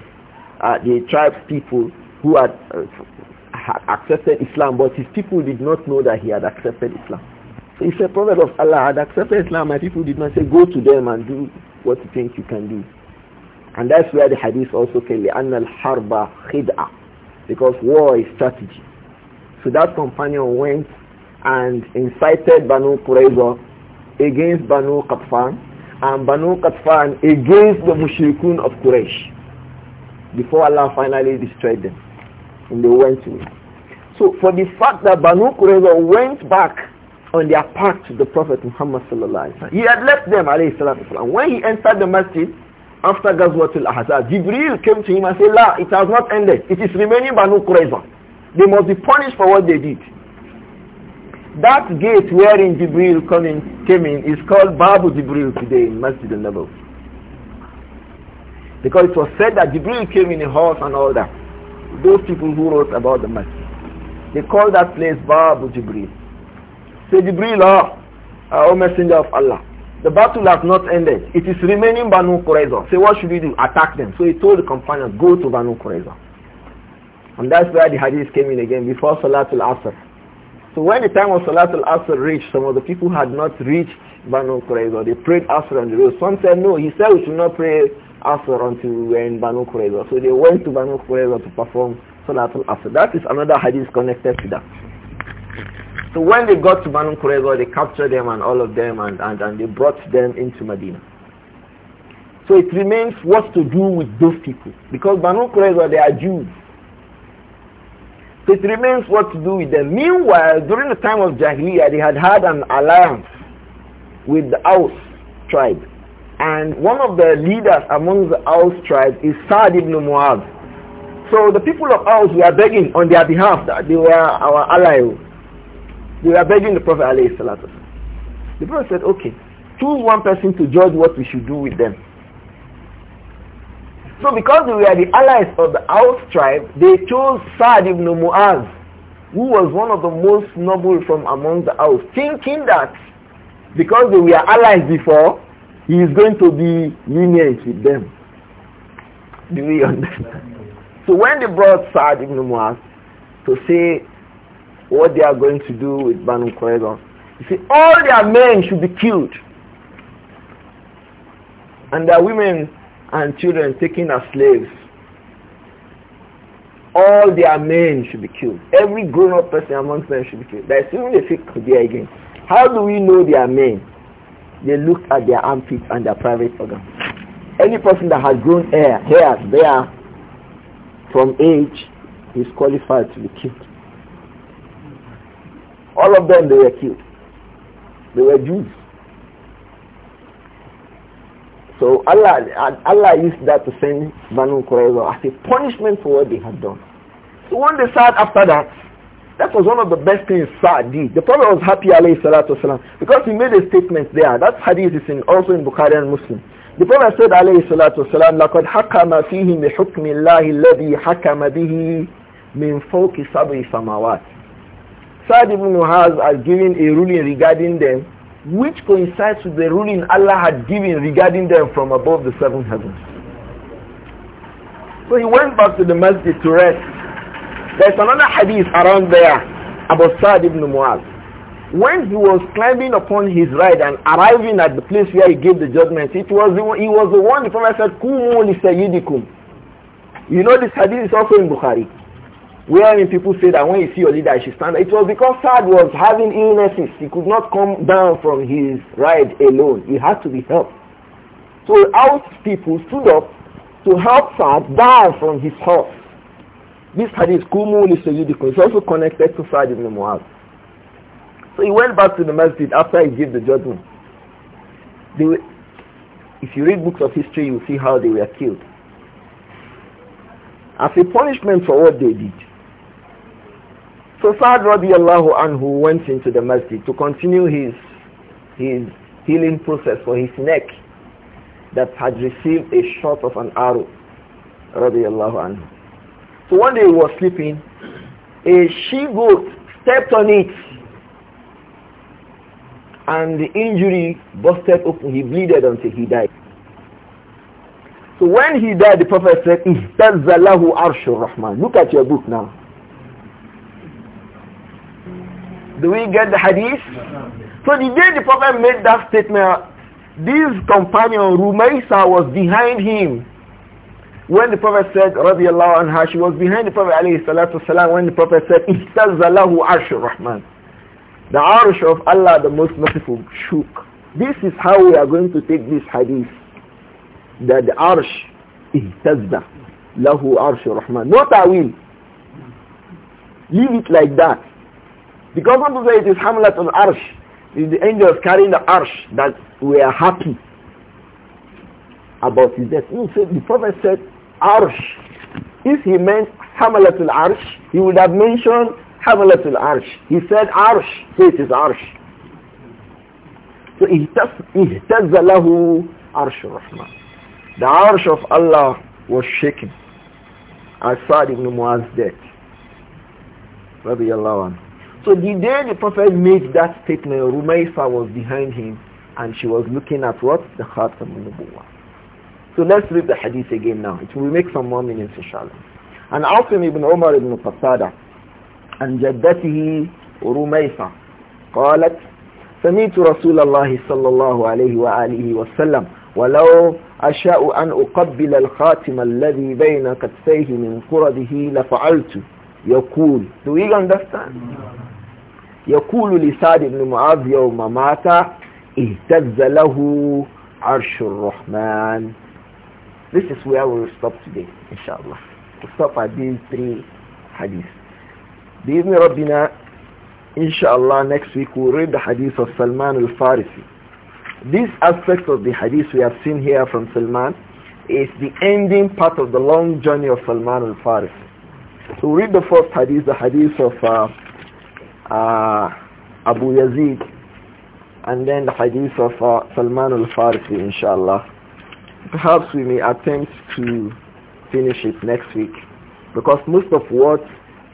uh, the tribe's people who had uh, had accepted Islam, but his people did not know that he had accepted Islam. So he said, Prophet of Allah had accepted Islam, my people did not say, go to them and do what you think you can do. And that's where the hadith also came, لأن الحرب خدعة, because war is strategy. So that companion went and incited Banu Qurayza against Banu Qatfan and Banu Qatfan against the Mushrikun of Quraysh before Allah finally destroyed them and they went away. So for the fact that Banu Qurayza went back on their path to the Prophet Muhammad sallallahu he had left them alayhi When he entered the masjid after Ghazwatul Ahzab, Jibril came to him and said, La, it has not ended. It is remaining Banu Qurayza. They must be punished for what they did. That gate wherein Jibril come in, came in is called Babu Jibril today in Masjid al-Nabawi. Because it was said that Jibril came in a horse and all that those people who wrote about the Masjid. They call that place Babu Jibril. Say Jibril, oh, ah, uh, ah, O Messenger of Allah, the battle has not ended. It is remaining Banu Qurayza. Say what should we do? Attack them. So he told the companion, go to Banu Qurayza. And that's where the hadith came in again, before Salatul Asr. So when the time of Salatul Asr reached, some of the people had not reached Banu Qurayza. They prayed Asr on the road. Some said, no, he said we should not pray Asr until we were in Banu Qurayza. So they went to Banu Qurayza to perform Salatul Asr. That is another hadith connected to that. So when they got to Banu Qurayza, they captured them and all of them and, and, and they brought them into Medina. So it remains what to do with those people. Because Banu Qurayza, they are Jews. So it remains what to do with them. Meanwhile, during the time of Jahiliyyah, they had had an alliance with the Aus tribe. And one of the leaders among the Aus tribe is sa ibn Mu'adh. So the people of Aus were begging on their behalf that they were our ally. They were begging the Prophet alayhi The Prophet said, okay, choose one person to judge what we should do with them. So because we were the allies of the Aus tribe, they chose sa ibn Mu'adh, who was one of the most noble from among the Aus, thinking that because they were allies before, he is going to be lenient with them. Do we understand? So when they brought Saad ibn Muaz to say what they are going to do with Banu Qurayza, he said all their men should be killed and their women and children taken as slaves. All their men should be killed. Every grown-up person amongst them should be killed. There is even a fake there again. How do we know they are men? they looked at their armpits and their private organs. Any person that has grown hair, hair there from age is qualified to be killed. All of them, they were killed. They were Jews. So Allah, Allah used that to send Banu Qurayza as a punishment for what they had done. So when they sat after that, that was one of the best things Sa'd did. The Prophet was happy alayhi salatu wasalam because he made a statement there. That hadith is in, also in Bukhari and Muslim. The Prophet said alayhi salatu wasalam, لَقَدْ حَكَمَ فِيهِ بِحُكْمِ اللَّهِ الَّذِي حَكَمَ بِهِ مِنْ فَوْقِ سَبْعِ سَمَوَاتٍ Sa'd ibn Mu'az has given a ruling regarding them which coincides with the ruling Allah had given regarding them from above the seven heavens. So he went back to the masjid to rest there's another hadith around there about Sa'd ibn Mu'az. When he was climbing upon his ride and arriving at the place where he gave the judgment, it was he was the one the Prophet said, Kumu li sayyidikum. You know this hadith is also in Bukhari. Wherein people say that when you see your leader, she stand. It was because Sa'd was having illnesses. He could not come down from his ride alone. He had to be helped. So out people stood up to help Sa'd down from his horse. This hadith, Kumu Lisayyidikum, is also connected to Sa'd ibn Mu'adh. So he went back to the masjid after he gave the judgment. They were, if you read books of history, you see how they were killed. As a punishment for what they did. So Sa'd radiallahu anhu went into the masjid to continue his, his healing process for his neck that had received a shot of an arrow radiallahu anhu. So one day he was sleeping, a she-goat stepped on it and the injury busted open. He bleeded until he died. So when he died, the Prophet said, Ihtazalahu Arshur Rahman. Look at your book now. Do we get the hadith? So the day the Prophet made that statement, this companion, Rumaisa, was behind him. When the Prophet said, radiallahu anha, she was behind the Prophet alayhi salatu Salam. when the Prophet said, Ihtazalahu arshur rahman. The arsh of Allah, the most merciful, shook. This is how we are going to take this hadith. That the arsh, ihtazda, lahu arshur rahman. Not ta'wil. Leave it like that. Because when people say it is hamlat al arsh, is the angels carrying the arsh that we are happy about his death. he said the Prophet said, Arsh. If he meant Hamalatul Arsh, he would have mentioned Hamalatul Arsh. He said Arsh, so it is Arsh. So he له Arsh Rahman. The Arsh of Allah was shaken. saw ibn Muaz's death. So the day the Prophet made that statement, Rumaysa was behind him and she was looking at what? The Khatam al was. So let's read the hadith again now. It will make some more meaning, inshallah. And Asim ibn Umar ibn Qasada عن جدته رميصة قالت سمعت رسول الله صلى الله عليه وآله وسلم ولو أشاء أن أقبل الخاتم الذي بين كتفيه من قرده لفعلت يقول Do we understand? يقول لسعد بن معاذ يوم مات اهتز له عرش الرحمن This is where we will stop today, inshallah. we will stop at these three hadiths. بإذن ربنا إن شاء الله next week we'll read the hadith of Salman al-Farisi. This aspect of the hadith we have seen here from Salman is the ending part of the long journey of Salman al-Farisi. So we'll read the first hadith, the hadith of uh, uh, Abu Yazid and then the hadith of uh, Salman al-Farisi inshallah perhaps we may attempt to finish it next week because most of what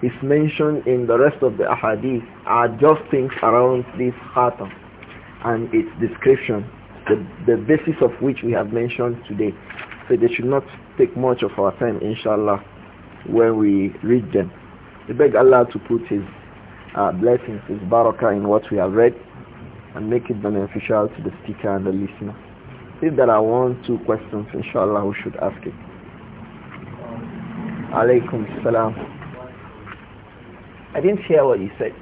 is mentioned in the rest of the ahadith are just things around this khatam and its description, the, the basis of which we have mentioned today. So they should not take much of our time, inshallah, when we read them. We beg Allah to put His uh, blessings, His barakah in what we have read and make it beneficial to the speaker and the listener. See that are one, two questions, inshallah, we should ask it. Alaykum salam. I didn't hear what you said.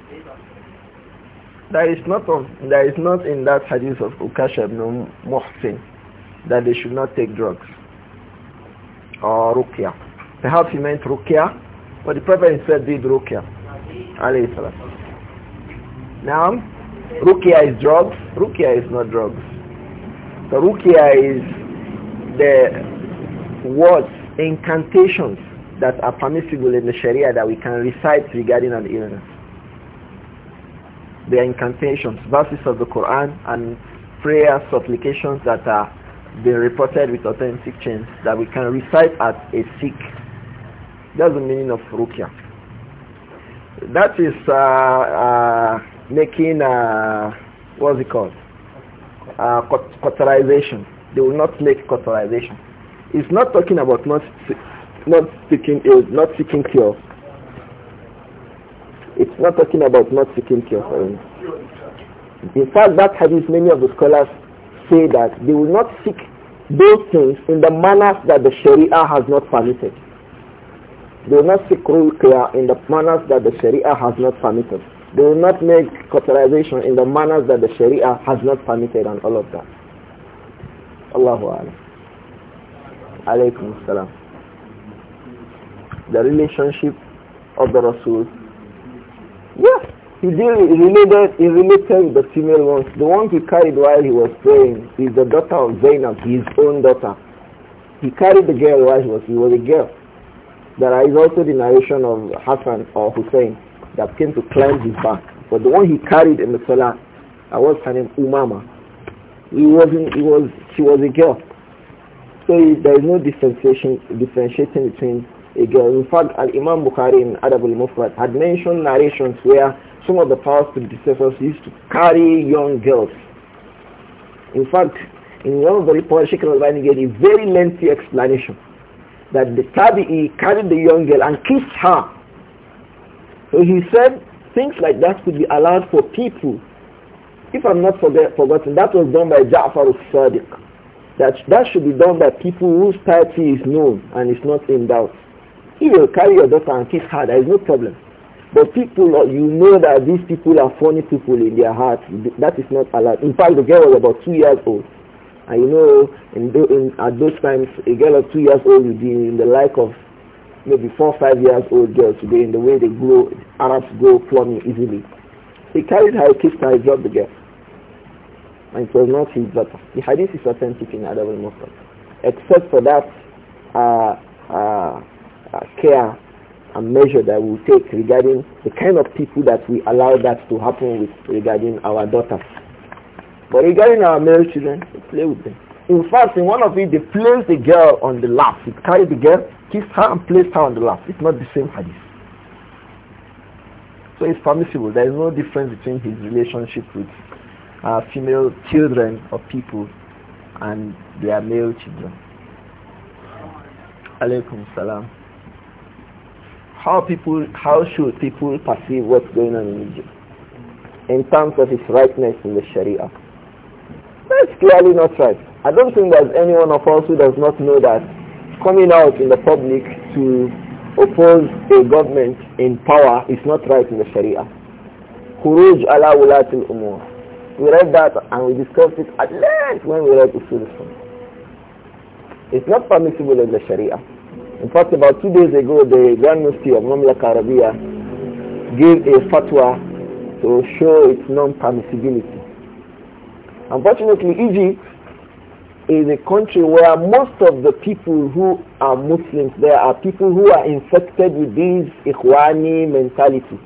There is not of, there is not in that hadith of Ukasha ibn Muhsin that they should not take drugs or rukia Perhaps he meant rukia but the Prophet said did ruqya. Alayhi salam. Now, rukia is drugs. rukia is not drugs. The is the words, incantations that are permissible in the Sharia that we can recite regarding an illness. They are incantations, verses of the Quran and prayers, supplications that are being reported with authentic chains that we can recite at a sick. That's the meaning of ruqya. That is uh, uh, making, uh, what's it called? uh, cauterization. They will not make cauterization. It's not talking about not not seeking ill, not seeking cure. It's not talking about not seeking cure for him. In fact, that hadith, many of the scholars say that they will not seek those things in the manners that the Sharia has not permitted. They will not seek cure in the manners that the Sharia has not permitted. They will not make cauterization in the manners that the Sharia has not permitted and all of that. Allahu Akbar. Alaykum salam. The relationship of the Rasul. Yes, he did, he related, he related the female ones. The one he carried while he was praying is the daughter of Zainab, his own daughter. He carried the girl while he was, he was a girl. There is also the narration of Hassan or Hussein that came to climb his back. But the one he carried in the salah, I was her name? Umama. He wasn't, he was, she was a girl. So he, there is no differentiation, differentiating between a girl. In fact, Al-Imam Bukhari in Abu al-Mufrad had mentioned narrations where some of the powerful predecessors used to carry young girls. In fact, in one of the reports, Sheikh al-Albani gave a very lengthy explanation that the Tabi'i carried the young girl and kissed her so he said things like that could be allowed for people. If I'm not forget, forgotten, that was done by Ja'far al-Sadiq. That, that should be done by people whose piety is known and is not in doubt. He will carry your daughter and kiss her, there is no problem. But people, you know that these people are funny people in their heart. That is not allowed. In fact, the girl was about two years old. And you know, in, in, at those times, a girl of two years old would be in the like of maybe four or five years old girl today in the way they grow, Arabs grow plumbing easily. He carried her, he kissed her, he dropped the girl. And it was not his daughter. The hadith is authentic in Adab al Except for that uh, uh, uh, care and measure that we take regarding the kind of people that we allow that to happen with regarding our daughters. But regarding our male children, we play with them. In fact, in one of it, they placed the girl on the lap. He carried the girl, kissed her, and placed her on the lap. It's not the same hadith. So it's permissible. There is no difference between his relationship with uh, female children or people and their male children. Alaykum salam. How people, how should people perceive what's going on in Egypt in terms of its rightness in the Sharia? That's clearly not right. I don't think there's any one of us who does not know that coming out in the public to oppose a government in power is not right in the Sharia. Khuruj ala wulatil umur. We read that and we discussed it at length when we read Usul It's not permissible in the Sharia. In fact, about two days ago, the Grand Mufti of Mamlaka Arabia gave a fatwa to show its non-permissibility. Unfortunately, Egypt is a country where most of the people who are Muslims, there are people who are infected with this Ikhwani mentality.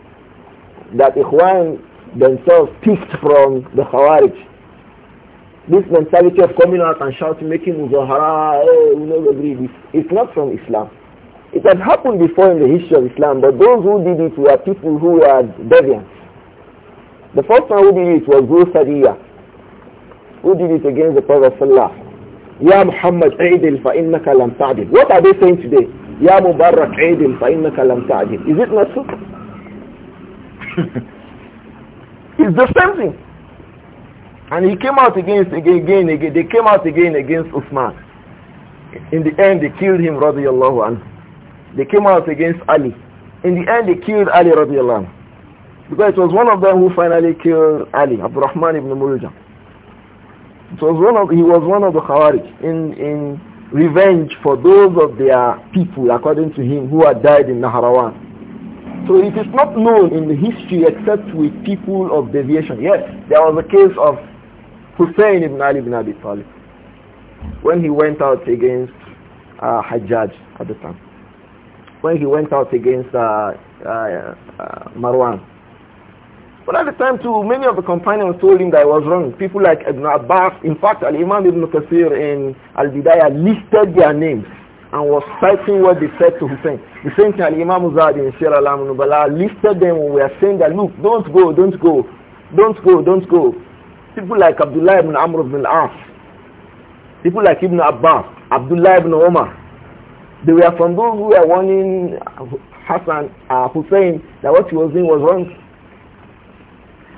That Ikhwan themselves picked from the Khawarij. This mentality of coming out and shouting, making muzahara, hey, eh, we agree It's not from Islam. It has happened before in the history of Islam, but those who did it were people who were deviants. The first one who did it was Zul who did it against the Prophet Sallallahu Ya Muhammad, Aidil fa lam ta'dil. What are they saying today? Ya Mubarak, Aidil fa lam ta'dil. Is it not so? it's the same thing. And he came out against, again, again, again. They came out again against Uthman. In the end, they killed him, radiallahu anhu. They came out against Ali. In the end, they killed Ali, radiallahu anhu. Because it was one of them who finally killed Ali, Abdurrahman ibn Muljam. It was one of, he was one of the Khawarij in, in revenge for those of their people, according to him, who had died in Naharawan. So it is not known in the history except with people of deviation. Yes, there was a case of Hussein ibn Ali ibn Abi Talib when he went out against uh, Hajjaj at the time. When he went out against uh, uh, uh Marwan but at the time too, many of the companions told him that it was wrong. People like Ibn Abbas, in fact, Al-Imam Ibn Kathir in Al-Bidayah listed their names and was citing what they said to Hussein. The same thing Al-Imam Uzadi in Shira al Nubala listed them when we are saying that, look, don't go, don't go, don't go, don't go. People like Abdullah ibn Amr ibn al-As, people like Ibn Abbas, Abdullah ibn Omar, they were from those who were warning Hassan, uh, Hussein that what he was doing was wrong.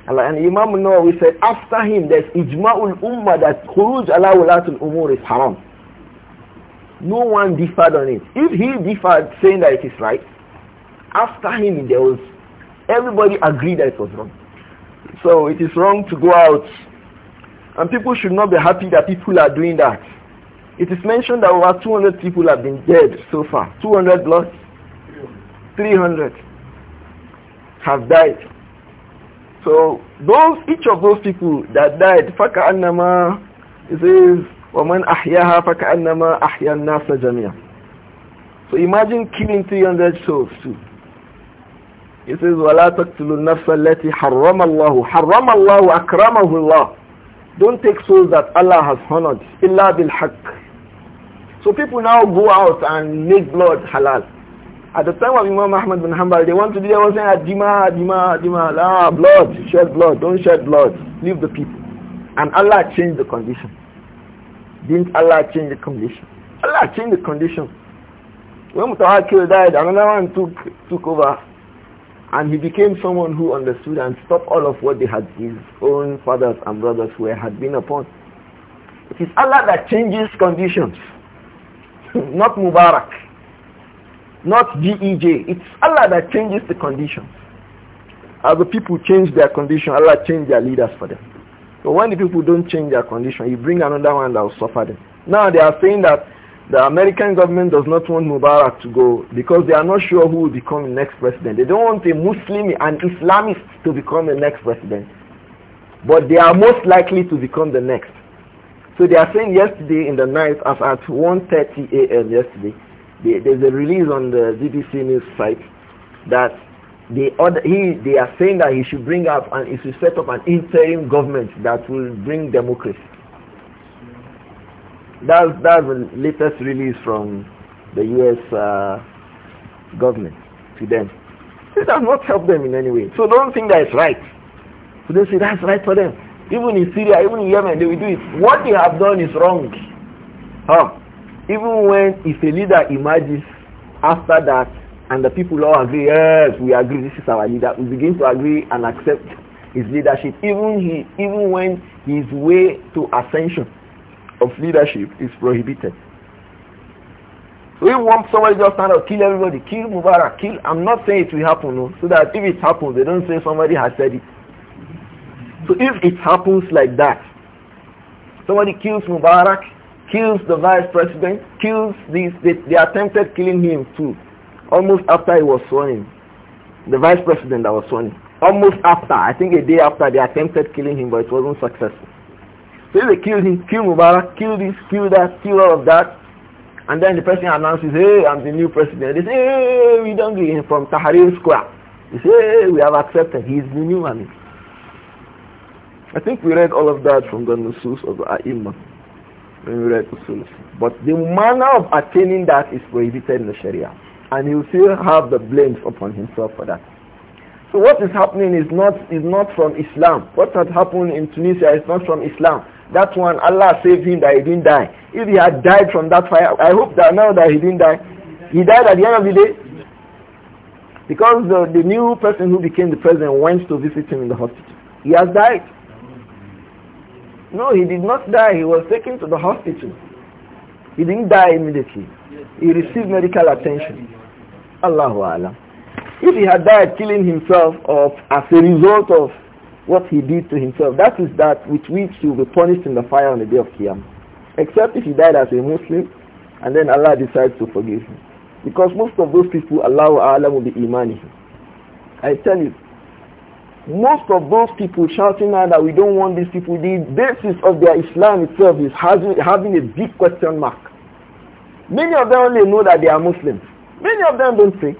And Imam Nawawi said, after him there's ijma'ul ummah that khuruj ala wulatul umur is haram. No one differed on it. If he differed saying that it is right, after him there was, everybody agreed that it was wrong. So it is wrong to go out. And people should not be happy that people are doing that. It is mentioned that over 200 people have been dead so far. 200 plus 300 have died so those each of those people that died, فَكَأَنَّمَا it says, وَمَنْ أَحْيَاهَا فَكَأَنَّمَا أَحْيَا النَّاسَ جَمِيعًا So imagine killing 300 souls too. It says, وَلَا تَقْتُلُوا النَّفْسَ Allahu, حَرَّمَ Allahu حَرَّمَ اللَّهُ اللَّهُ Don't take souls that Allah has honored. bil بِالْحَقِّ So people now go out and make blood halal. At the time of Imam Ahmad bin Hanbal, they want to do. They was saying, Adima, Adima, Adima, ah, blood, shed blood, don't shed blood, leave the people. And Allah changed the condition. Didn't Allah change the condition? Allah changed the condition. When Mutawakil died, another one took, took over. And he became someone who understood and stopped all of what they had, his own fathers and brothers were, had been upon. It is Allah that changes conditions, not Mubarak not GEJ. It's Allah that changes the conditions. As the people change their condition, Allah change their leaders for them. So when the people don't change their condition, you bring another one that will suffer them. Now they are saying that the American government does not want Mubarak to go because they are not sure who will become the next president. They don't want a Muslim and Islamist to become the next president. But they are most likely to become the next. So they are saying yesterday in the night as at 1.30 a.m. yesterday there's a release on the BBC news site that the other, he, they are saying that he should bring up and he should set up an interim government that will bring democracy. That's, that's the latest release from the U.S. Uh, government to them. It does not help them in any way. So don't think that it's right. So they say that's right for them. Even in Syria, even in Yemen, they will do it. What they have done is wrong. Huh? Even when if a leader emerges after that and the people all agree, yes, we agree, this is our leader, we begin to agree and accept his leadership. Even he, even when his way to ascension of leadership is prohibited. So if one somebody just stand up, kill everybody, kill Mubarak, kill, I'm not saying it will happen, no, so that if it happens, they don't say somebody has said it. So if it happens like that, somebody kills Mubarak, kills the vice president, kills this. They, they attempted killing him too, almost after he was sworn in. The vice president that was sworn in. Almost after, I think a day after, they attempted killing him, but it wasn't successful. So they killed him, kill Mubarak, kill this, kill that, kill all of that. And then the president announces, hey, I'm the new president. They say, hey, we don't get him from Tahrir Square. They say, hey, we have accepted. He's the new one. I think we read all of that from the Nusus of the when we read usul. But the manner of attaining that is prohibited in the Sharia. And he will still have the blames upon himself for that. So what is happening is not, is not from Islam. What had happened in Tunisia is not from Islam. That one, Allah saved him that he didn't die. If he had died from that fire, I hope that now that he didn't die, he died at the end of the day. Because the, the new person who became the president went to visit him in the hospital. He has died. No, he did not die. He was taken to the hospital. He didn't die immediately. He received medical attention. Allahu Alam. If he had died killing himself of, as a result of what he did to himself, that is that with which he will be punished in the fire on the day of Qiyam. Except if he died as a Muslim and then Allah decides to forgive him. Because most of those people, Allahu Alam will be imani. I tell you, most of those people shouting now that we don't want these people, the basis of their Islam itself is having, a big question mark. Many of them only know that they are Muslims. Many of them don't pray.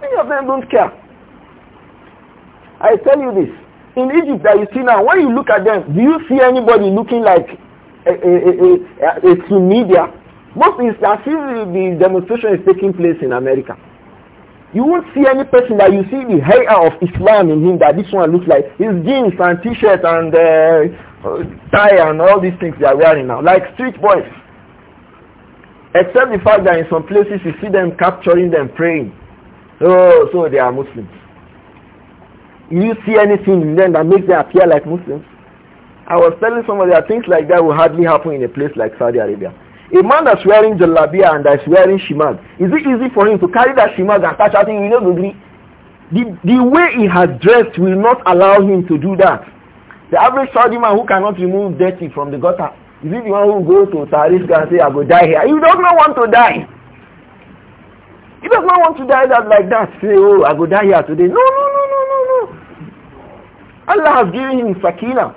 Many of them don't care. I tell you this. In Egypt that you see now, when you look at them, do you see anybody looking like a, a, a, a, a Most is as if the demonstration is taking place in America. You won't see any person that you see the hair of Islam in him that this one looks like. His jeans and t-shirt and uh, tie and all these things they are wearing now. Like street boys. Except the fact that in some places you see them capturing them praying. Oh, so they are Muslims. You see anything in them that makes them appear like Muslims? I was telling somebody that things like that will hardly happen in a place like Saudi Arabia. A man that's wearing jalabia and that's wearing shimag, is it easy for him to carry that shimag and start shouting, you know, agree? The, the way he has dressed will not allow him to do that. The average Saudi man who cannot remove dirty from the gutter, is it the one who goes to Tarif and say, I will die here? He does not want to die. He does not want to die that like that. Say, oh, I will die here today. No, no, no, no, no, no. Allah has given him sakina.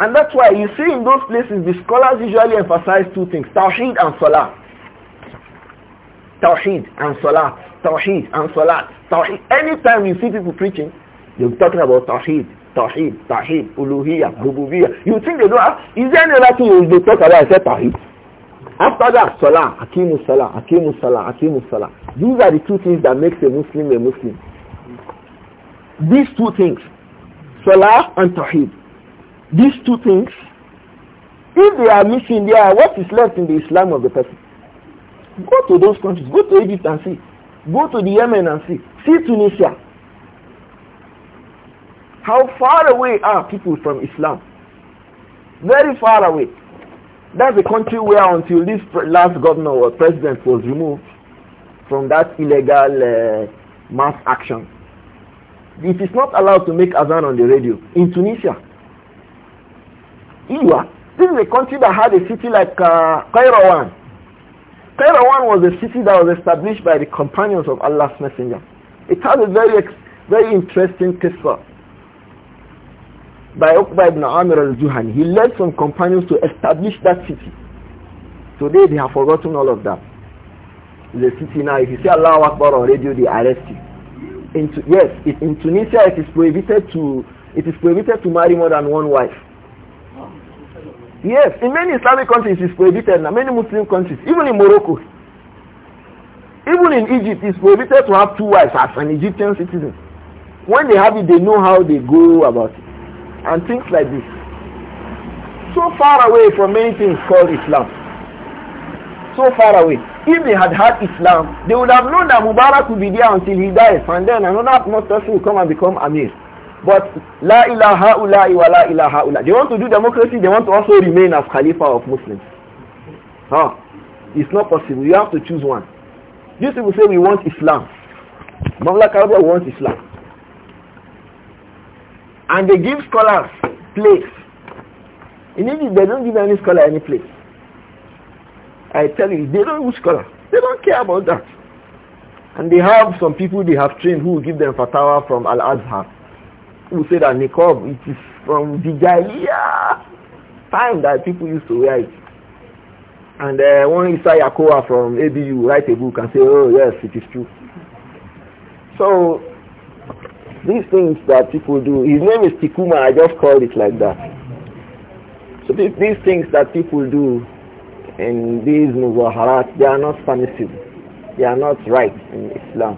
And that's why you see in those places the scholars usually emphasize two things, Tawheed and Salah. Tawheed and Salah. Tawheed and Salah. Tawheed. Anytime you see people preaching, they're talking about Tawheed, Tawheed, Tawheed, Uluhiyah, Rububiyyah. You think they don't have, is there any other thing they talk about except Tawheed? After that, Salah, Akimu Salah, Akimu Salah, Akimu Salah. These are the two things that makes a Muslim a Muslim. These two things, Salah and Tawheed. These two things, if they are missing there, what is left in the Islam of the person? Go to those countries. Go to Egypt and see. Go to the Yemen and see. See Tunisia. How far away are people from Islam? Very far away. That's a country where until this last governor or president was removed from that illegal uh, mass action. It is not allowed to make azan on the radio in Tunisia. Iwa. This is a country that had a city like uh, Cairo. uh, Cairo. One was a city that was established by the companions of Allah's Messenger. It has a very, very interesting history. by Uqba ibn Amir al-Juhani. He led some companions to establish that city. Today they have forgotten all of that. The city now, if you say Allah Akbar on radio, they arrest you. In, yes, in Tunisia it is prohibited to it is prohibited to marry more than one wife. Yes, in many Islamic countries it's prohibited now, many Muslim countries, even in Morocco. Even in Egypt, it's prohibited to have two wives as an Egyptian citizen. When they have it, they know how they go about it. And things like this. So far away from many things called Islam. So far away. If they had had Islam, they would have known that Mubarak would be there until he dies. And then another person will come and become Amir. But la ilaha ula wa la ilaha ula. They want to do democracy, they want to also remain as Khalifa of Muslims. Huh? It's not possible. You have to choose one. These people say we want Islam. Mawla Karabia wants Islam. And they give scholars place. In Egypt, they don't give any scholar any place. I tell you, they don't use scholar. They don't care about that. And they have some people they have trained who give them fatwa from Al-Azhar. Who say that niqab, it is from the Jahiliyyah time that people used to wear it. And uh, one Isa Yakoa from ABU write a book and say, oh yes, it is true. So these things that people do, his name is Tikuma, I just called it like that. So these, these things that people do in these muzaharat, they are not permissible. They are not right in Islam.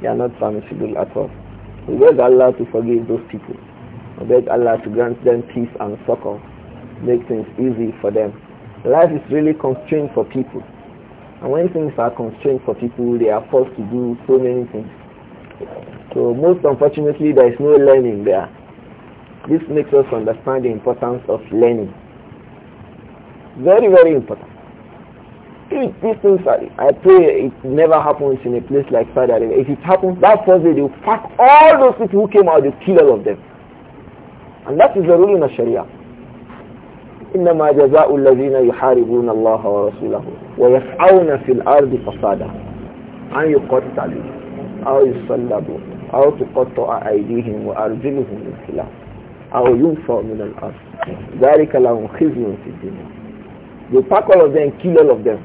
They are not permissible at all. We beg Allah to forgive those people. We beg Allah to grant them peace and succor, make things easy for them. Life is really constrained for people. And when things are constrained for people, they are forced to do so many things. So most unfortunately, there is no learning there. This makes us understand the importance of learning. Very, very important. If these things I pray it never happens in a place like Saudi Arabia. If it happens, that first day they will pack all those people who came out, they kill all of them. And that is the rule in the Sharia. إنما جزاء الذين يحاربون الله ورسوله ويسعون في الأرض فسادا أن يقتلوا أو يصلبوا أو تقطع أيديهم وأرجلهم من خلاف أو ينفوا من الأرض ذلك لهم خزي في الدنيا They pack all of them, kill all of them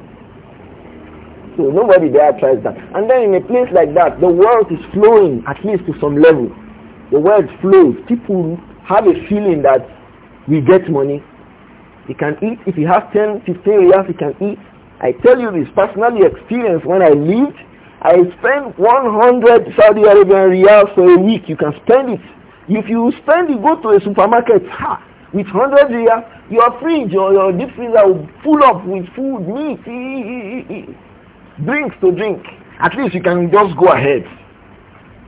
nobody there tries that. And then in a place like that, the world is flowing at least to some level. The world flows. People have a feeling that we get money. He can eat. If he has 10, 15 years, he can eat. I tell you this personally experience when I lived, I spent 100 Saudi Arabian riyals for a week. You can spend it. If you spend it, go to a supermarket ha, with 100 riyals, your fridge or your deep freezer will full up with food, meat drinks to drink. At least you can just go ahead.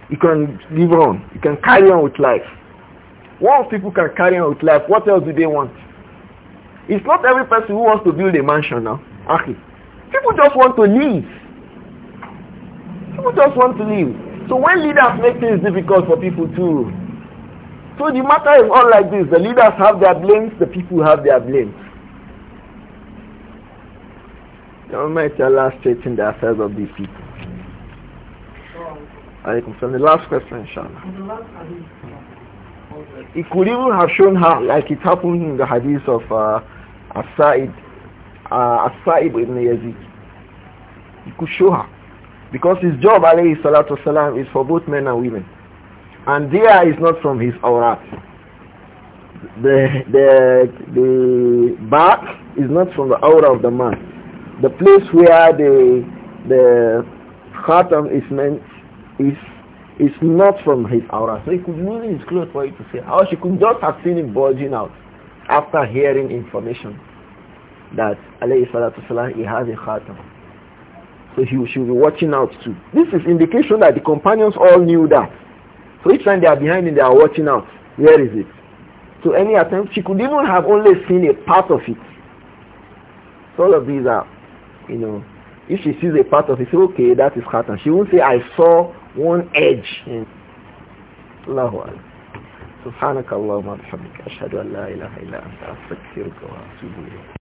You can live on. You can carry on with life. Once people can carry on with life, what else do they want? It's not every person who wants to build a mansion now. Okay. People just want to live. People just want to live. So when leaders make things difficult for people too, so the matter is all like this. The leaders have their blames, the people have their blames. Almighty Allah straighten the affairs of these people. Alaykum. So the last question, inshallah. It could even have shown how, like it happened in the hadith of uh, As-Sa'id, uh, ibn Yazid. It could show her. Because his job, alayhi salatu salam, is for both men and women. And there is not from his awrat. The, the, the back is not from the aura of the man the place where the the khatam is meant is is not from his aura. So he could move his clothes for you to see. Or she could just have seen him bulging out after hearing information that alayhi salatu salam he has a khatam. So he should be watching out too. This is indication that the companions all knew that. So each time they are behind him, they are watching out. Where is it? So any attempt, she could even have only seen a part of it. So all of these are you know, if she sees a part of it, say, okay, that is khatan. She won't say, I saw one edge. Allahu Akbar. سبحانك اللهم وبحمدك أشهد أن لا إله إلا أنت أستغفرك وأتوب إليك